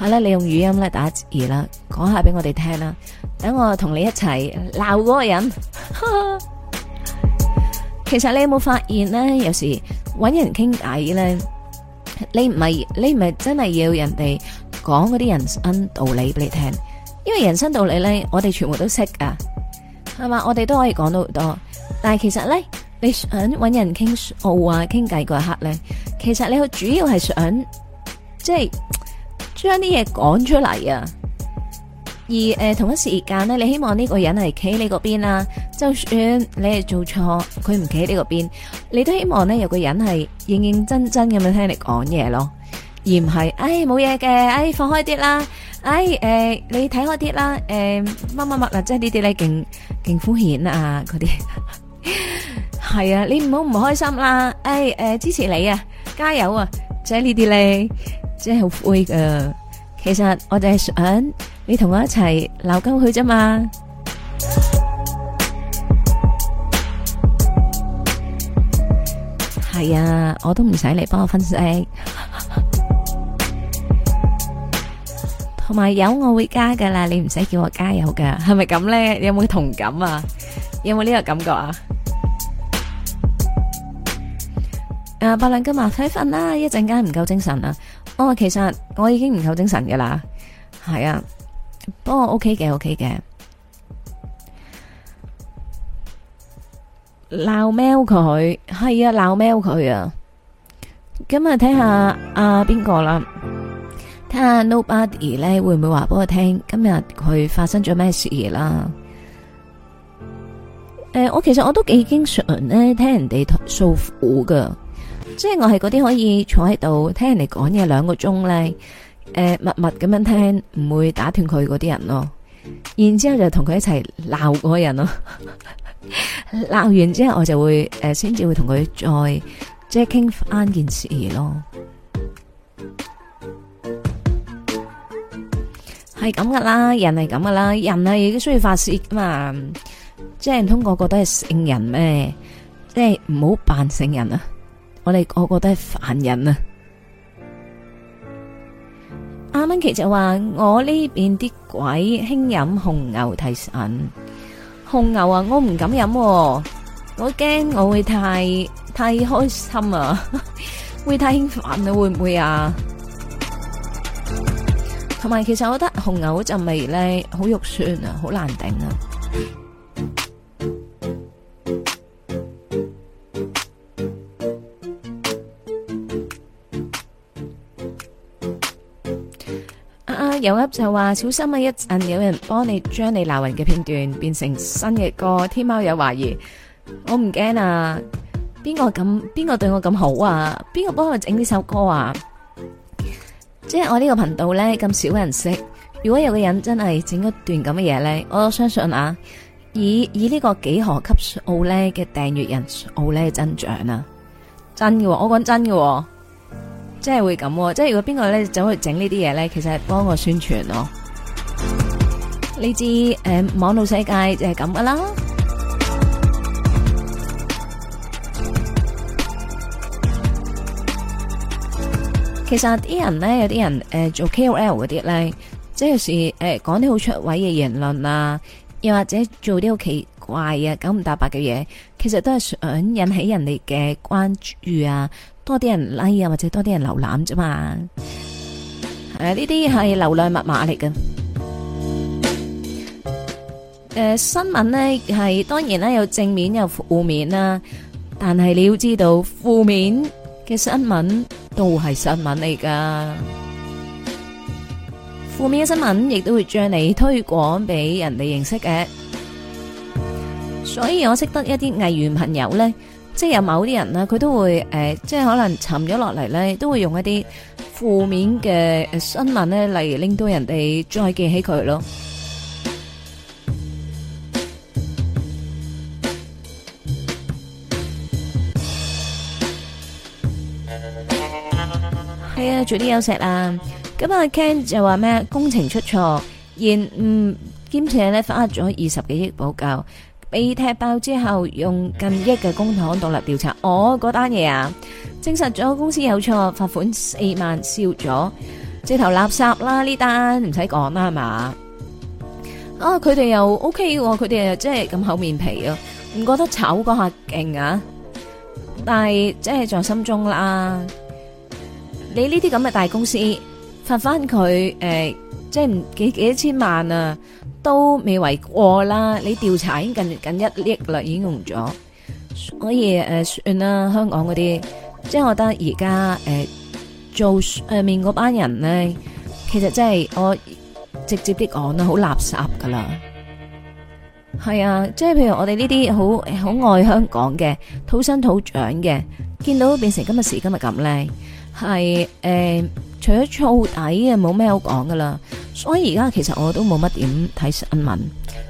吓、啊、啦，你用語音咧打字啦，講下俾我哋聽啦、啊。等我同你一齊鬧嗰個人。 [laughs] 其實你有冇發現呢？有時搵人傾偈呢，你唔係你唔係真係要人哋講嗰啲人生道理俾你聽，因為人生道理呢，我哋全部都識噶，係嘛？我哋都可以講到好多。但係其實呢，你想搵人傾奧話傾偈嗰一刻呢，其實你主要係想即係將啲嘢講出嚟啊！而誒、呃、同一時間咧，你希望呢個人係企喺你嗰邊啦、啊。就算你係做錯，佢唔企喺你嗰邊，你都希望咧有個人係認認真真咁樣聽你講嘢咯，而唔係誒冇嘢嘅誒放開啲啦，誒、哎、誒、呃、你睇開啲啦，誒乜乜乜啦，即係呢啲咧，勁勁敷衍啊，嗰啲係啊，你唔好唔開心啦。誒、哎呃、支持你啊，加油啊！即係呢啲咧，即係好灰噶。其實我哋係想。你同我一齊鬧鳩佢啫嘛？係啊，我都唔使你幫我分析，同埋有我會加噶啦，你唔使叫我加油噶，係咪咁咧？你有冇同感啊？有冇呢個感覺啊？誒，八兩金臥底瞓啦，一陣間唔夠精神啦。哦，其實我已經唔夠精神噶啦，係啊。不過，OK 嘅，OK 嘅，鬧喵佢，係啊，鬧喵佢啊！咁啊，睇下阿邊個啦，睇下 Nobody 咧會唔會話俾我聽今日佢發生咗咩事啦？誒、呃，我其實我都幾經常咧聽人哋訴苦噶，即係我係嗰啲可以坐喺度聽人哋講嘢兩個鐘咧。誒、呃，默默咁樣聽，唔會打斷佢嗰啲人咯。然之後就同佢一齊鬧嗰個人咯，鬧完之後我就會誒，先、呃、至會同佢再即係傾翻件事咯。係咁噶啦，人係咁噶啦，人啊亦都需要發泄噶嘛。即係唔通我覺得係聖人咩？即係唔好扮聖人啊！我哋個個都係凡人啊！阿蚊其實話我呢邊啲鬼輕飲紅牛提神，紅牛啊，我唔敢飲喎，我驚我會太太開心啊， [laughs] 會太興奮啊，會唔會？啊同埋其實我覺得紅牛嗰陣味咧好肉酸很啊，好難頂啊！有粒就話小心啊！一陣有人幫你將你鬧人嘅片段變成新嘅歌。天喵有懷疑，我唔驚啊！邊個咁？邊個對我咁好啊？邊個幫我整呢首歌啊？ [laughs] 即係我這個頻呢個頻道咧咁少人識，如果有個人真係整一段咁嘅嘢咧，我相信啊，以以呢個幾何級數奧咧嘅訂閱人數奧咧增長啊，真嘅、哦，我講真嘅、哦。即係會咁、啊，即係如果邊個咧走去整呢啲嘢咧，其實係幫我宣傳咯、啊。你知誒網絡世界就係咁噶啦。其實啲人咧，有啲人誒、呃、做 K O L 嗰啲咧，即係有時誒講啲好出位嘅言論啊，又或者做啲好奇怪啊、九唔搭八嘅嘢，其實都係想引起人哋嘅關注啊。多啲人拉啊，或者多啲人瀏覽啫嘛。誒，呢啲係流量密碼嚟嘅。誒，新聞呢係當然啦，有正面有負面啦，但係你要知道負面嘅新聞都係新聞嚟噶。負面嘅新聞亦都會將你推廣俾人哋認識嘅。所以我識得一啲藝員朋友咧。即係有某啲人呢，佢都會誒、呃，即係可能沉咗落嚟咧，都會用一啲負面嘅新聞咧嚟令到人哋再記起佢咯。係、嗯、啊，做啲休息啦。咁啊，Ken 就話咩工程出錯，然嗯兼且咧花咗二十幾億補救。被踢爆之後，用近億嘅公帑獨立調查，我嗰單嘢啊，證實咗公司有錯，罰款四萬，燒咗，直頭垃圾啦呢單，唔使講啦係嘛？啊佢哋又 O K 嘅，佢哋又真係咁厚面皮啊，唔覺得醜嗰下勁啊，但係真係在心中啦，你呢啲咁嘅大公司，罰翻佢誒，即、呃、係幾幾多千萬啊？都未為過啦，你調查已經近近一億啦，已經用咗，所以誒算啦，香港嗰啲，即係我覺得而家誒做誒面嗰班人咧，其實真係我直接啲講啦，好垃圾噶啦，係啊，即係譬如我哋呢啲好好愛香港嘅土生土長嘅，見到變成今日時今日咁咧，係誒除咗粗底啊，冇咩好講噶啦。所以而家其實我都冇乜點睇新聞，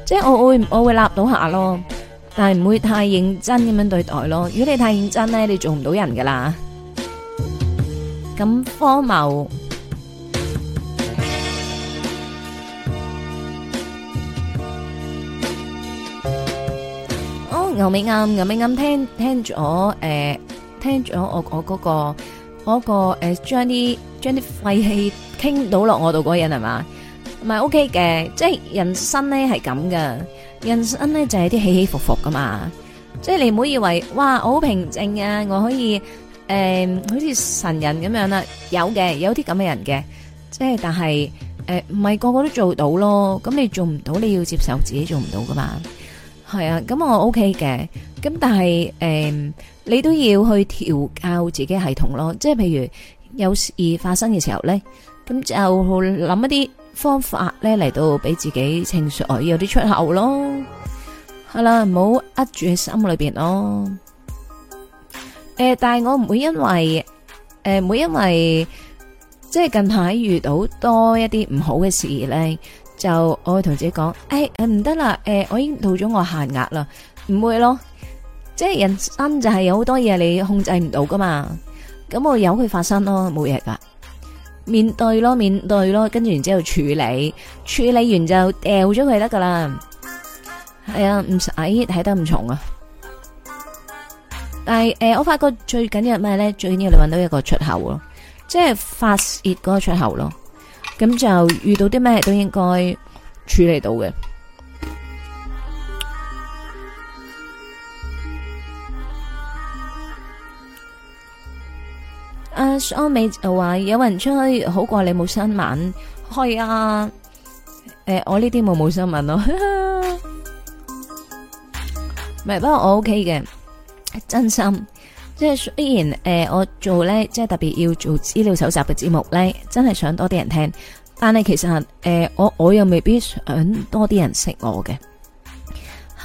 即係我會我會立到下咯，但係唔會太認真咁樣對待咯。如果你太認真咧，你做唔到人噶啦。咁荒謬，哦牛尾啱牛尾啱聽聽咗誒，聽咗我我嗰個嗰個誒將啲將啲廢氣。傾到落我度嗰個人係嘛，唔係 OK 嘅。即係人生咧係咁噶，人生咧就係啲起起伏伏噶嘛。即係你唔好以為哇，我好平靜啊，我可以誒，好似神人咁樣啦。有嘅，有啲咁嘅人嘅。即係但係誒，唔係個個都做到咯。咁你做唔到，你要接受自己做唔到噶嘛。係啊，咁我 OK 嘅。咁但係誒，你都要去調教自己系統咯。即係譬如有事發生嘅時候咧。咁就諗一啲方法咧，嚟到俾自己情緒哦有啲出口咯，係啦，唔好呃住喺心裏邊咯。誒，但係我唔會因為，誒，唔會因為，即係近排遇到好多一啲唔好嘅事咧，就我會同自己講，誒誒唔得啦，誒我已經到咗我限額啦，唔會咯。即係人生就係有好多嘢你控制唔到噶嘛，咁我由佢發生咯，冇嘢噶。面對咯，面對咯，跟住然之後處理，處理完就掉咗佢，哎、得噶啦。係啊，唔使睇得咁重啊。但係誒、呃，我發覺最緊要係咩咧？最緊要你搵到一個出口咯，即係發洩嗰個出口咯。咁就遇到啲咩都應該處理到嘅。阿、啊、蘇美就話有人出去好過你冇新聞，係啊，誒、呃，我呢啲冇冇新聞咯，咪 [laughs] 不過我 O K 嘅，真心，即係雖然誒、呃、我做咧，即係特別要做資料搜集嘅節目咧，真係想多啲人聽，但係其實誒、呃、我我又未必想多啲人識我嘅，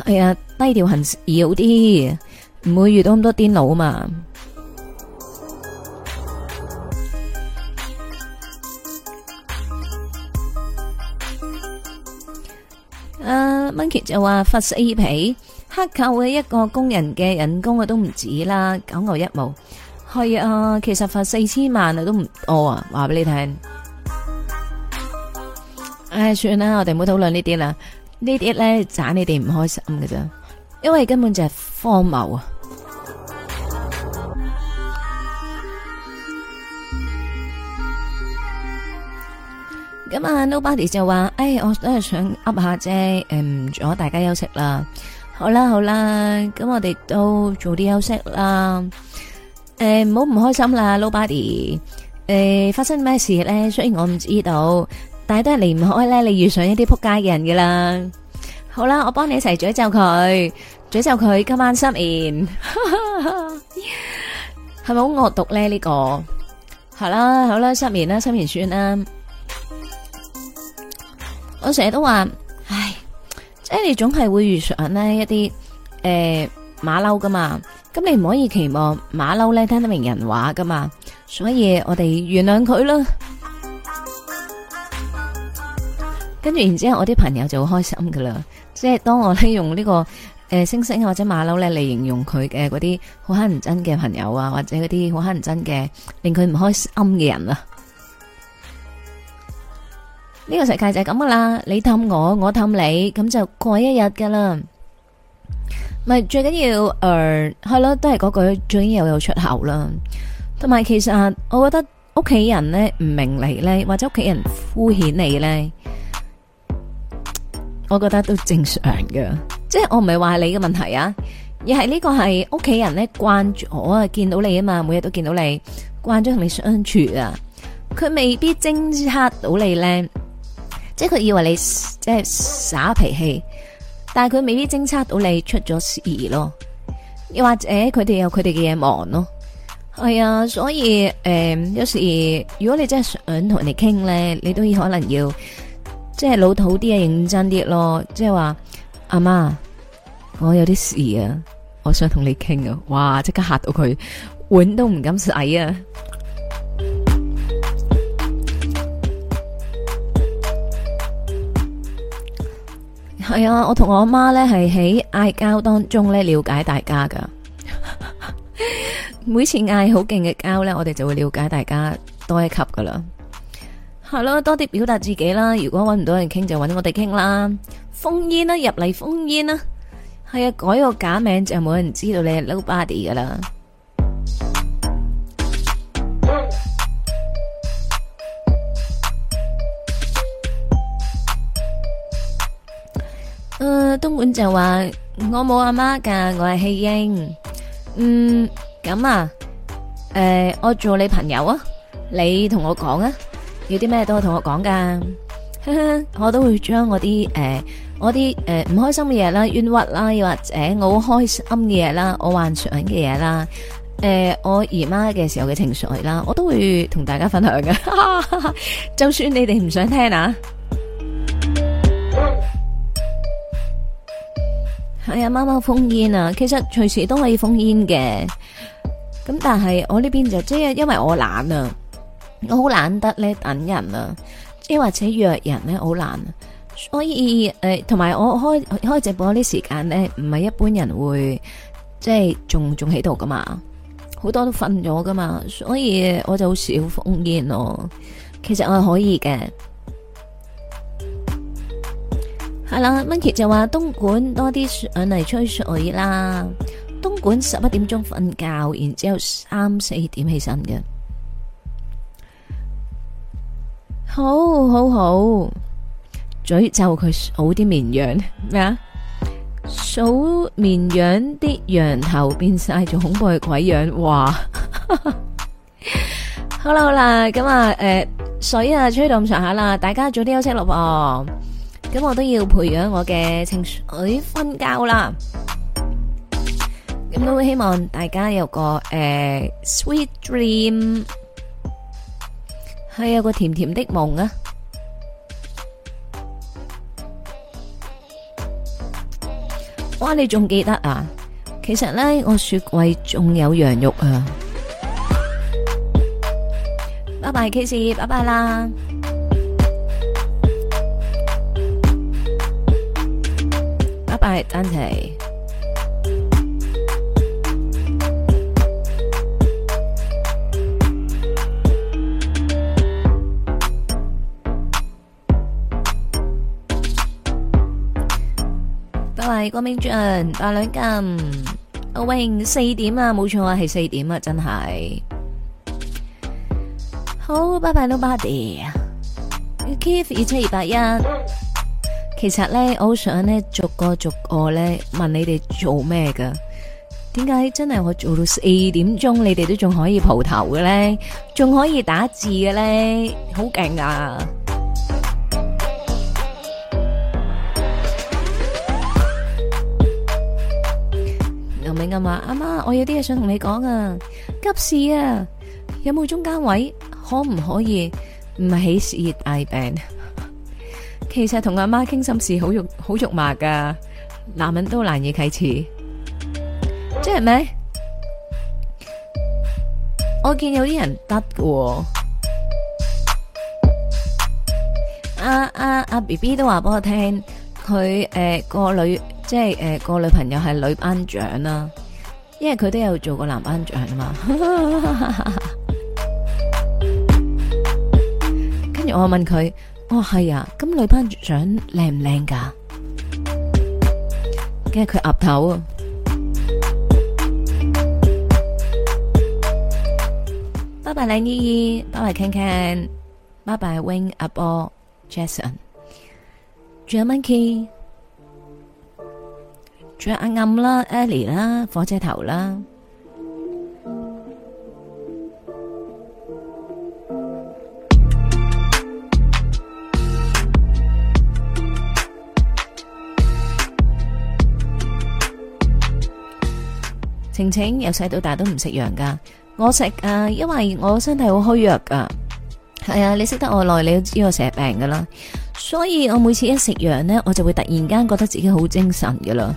係啊，低調行少啲，唔會遇到咁多啲腦啊嘛。誒、uh,，monkey 就話罰四皮克扣嘅一個工人嘅人工啊都唔止啦，九牛一毛係啊，其實罰四千萬啊都唔多啊，話、oh, 俾你聽。唉，算啦，我哋唔好討論呢啲啦，呢啲咧盞你哋唔開心嘅啫，因為根本就係荒謬啊！咁啊，Nobody 就話誒，我都係想噏下啫。唔阻大家休息啦，好啦好啦，咁我哋都早啲休息啦。誒，唔好唔開心啦，Nobody。誒，發生咩事咧？雖然我唔知道，但係都係離唔開咧，你遇上一啲撲街嘅人嘅啦。好啦，我幫你一齊詛咒佢，詛咒佢今晚失眠，係咪好惡毒咧？呢個好啦，好啦，失眠啦，失眠算啦。我成日都話，唉，即係你總係會遇上呢一啲誒馬騮噶嘛，咁你唔可以期望馬騮咧聽得明人話噶嘛，所以我哋原諒佢啦。跟住然之後，我啲朋友就好開心噶啦，即係當我咧用呢、這個誒、欸、星星或者馬騮咧嚟形容佢嘅嗰啲好乞人憎嘅朋友啊，或者嗰啲好乞人憎嘅令佢唔開心嘅人啊。呢、世界就係咁噶啦，你氹我，我氹你，咁就過一日噶啦。咪最緊要，誒、呃，係咯，都係嗰句，最緊要有出口啦。同埋，其實我覺得屋企人咧唔明你咧，或者屋企人敷衍你咧，我覺得都正常嘅。 [noise] 即係我唔係話你嘅問題啊，而係呢個係屋企人咧慣咗啊，見到你啊嘛，每日都見到你，慣咗同你相處啊，佢未必偵察到你咧。即係佢以為你即係耍脾氣，但係佢未必偵測到你出咗事咯。又或者佢哋有佢哋嘅嘢忙咯。係啊，所以誒有、呃、時如果你真係想同人哋傾咧，你都要可能要即係老土啲啊，認真啲咯。即係話阿媽，我有啲事啊，我想同你傾啊。哇！即刻嚇到佢，碗都唔敢洗啊！係啊，我同我阿媽呢係喺嗌交當中呢，了解大家噶， [laughs] 每次嗌好勁嘅交呢，我哋就會了解大家多一級噶啦。係咯、啊，多啲表達自己啦。如果揾唔到人傾，就揾我哋傾啦。Phone in 啦、啊，入嚟 Phone in 啦、啊。係啊，改個假名就冇人知道你係 Nobody 噶啦。誒、呃，東莞就話我冇阿媽噶，我係棄嬰。嗯，咁啊，誒、呃，我做你朋友啊，你同我講啊，有啲咩都可以同我講噶。 [laughs] 我都會將我啲誒、呃，我啲誒唔開心嘅嘢啦，冤屈啦，又或者我好開心嘅嘢啦，我幻想嘅嘢啦，誒、呃，我姨媽嘅時候嘅情緒啦，我都會同大家分享噶。 [laughs] 就算你哋唔想聽啊。係、哎、啊，貓貓封煙啊，其實隨時都可以封煙嘅。咁但係我呢邊就即係因為我懶啊，我好懶得咧等人啊，即係或者約人咧好難。所以誒，同、呃、埋我開開直播啲時間咧，唔係一般人會即係仲仲喺度噶嘛，好多都瞓咗噶嘛，所以我就好少封煙咯。其實我係可以嘅。係啦，Monkey 就話東莞多啲上嚟吹水啦。東莞十一點鐘瞓覺，然之後三四點起身嘅。好好好，好，嘴咒佢數啲綿羊咩啊？數綿羊啲羊頭變晒做恐怖嘅鬼樣，哇！好 [laughs] 啦好啦，咁啊誒，水啊吹到咁上下啦，大家早啲休息咯。咁我都要培養我嘅情緒。哎，瞓覺啦！咁都希望大家有個誒 sweet dream，係有個甜甜的夢啊！哇，你仲記得啊？其實呢，我雪櫃仲有羊肉啊！拜拜，Kitty，拜拜啦！拜拜、oh，拜拜，光明俊八兩金，阿榮四點啊，冇錯啊，係四點啊，真係好，拜拜，Nobody，Kif 二七二八一。其實咧，我好想咧逐個逐個咧問你哋做咩噶？點解真係我做到四點鐘，你哋都仲可以蒲頭嘅咧，仲可以打字嘅咧，好勁啊！劉美銀話：阿媽，我有啲嘢想同你講啊，急事啊，有冇中間位？可唔可以唔係起事熱大病？其實同阿媽傾心事好肉好肉麻㗎，男人都難以啟齒，即係咩？我見有啲人得嘅、哦，啊阿阿 B B 都話俾我聽，佢誒、呃、個女即係誒、呃、個女朋友係女班長啦、啊，因為佢都有做過男班長啊嘛。跟 [laughs] 住我問佢。哦，係啊，咁女班長靚唔靚噶？梗係佢岌頭啊！拜拜，靚姨姨，拜拜，Ken Ken，拜拜，Wing 阿波，Jason，仲有 Monkey，仲有阿暗啦，Ellie 啦，火車頭啦。晴晴由細到大都唔食羊噶我食啊，因為我身體好虛弱噶係啊，你識得我耐，你都知我成日病噶啦，所以我每次一食羊呢，我就會突然間覺得自己好精神噶啦，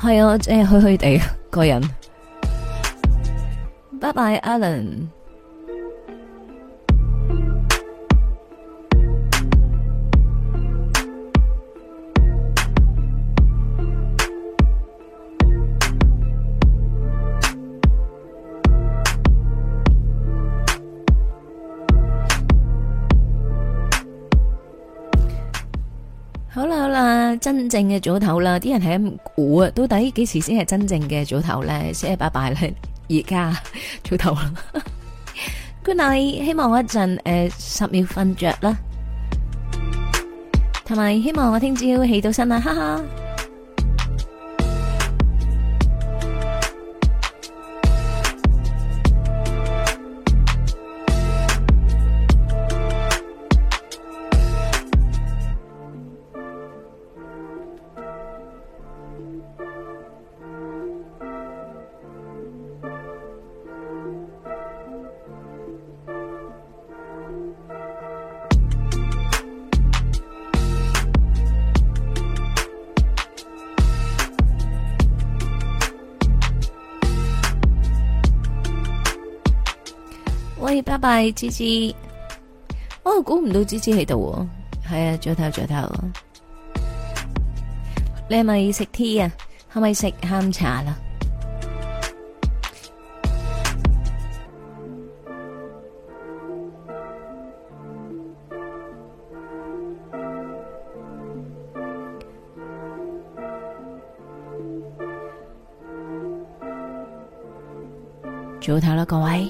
係啊，即係虛虛地個人。拜拜，Alan。啊，真正嘅早唞啦，啲人係咁估啊，到底幾時先係真正嘅早唞咧？先係拜拜咧？而家早唞啦 [laughs] ，Good night，希望我一陣誒十秒瞓着啦，同埋希望我聽朝起到身啊，哈哈。拜芝芝，我估唔到芝芝喺度，係啊，早唞，早唞，你係咪食 tea 啊？係咪食下午茶啦？早唞啦，各位。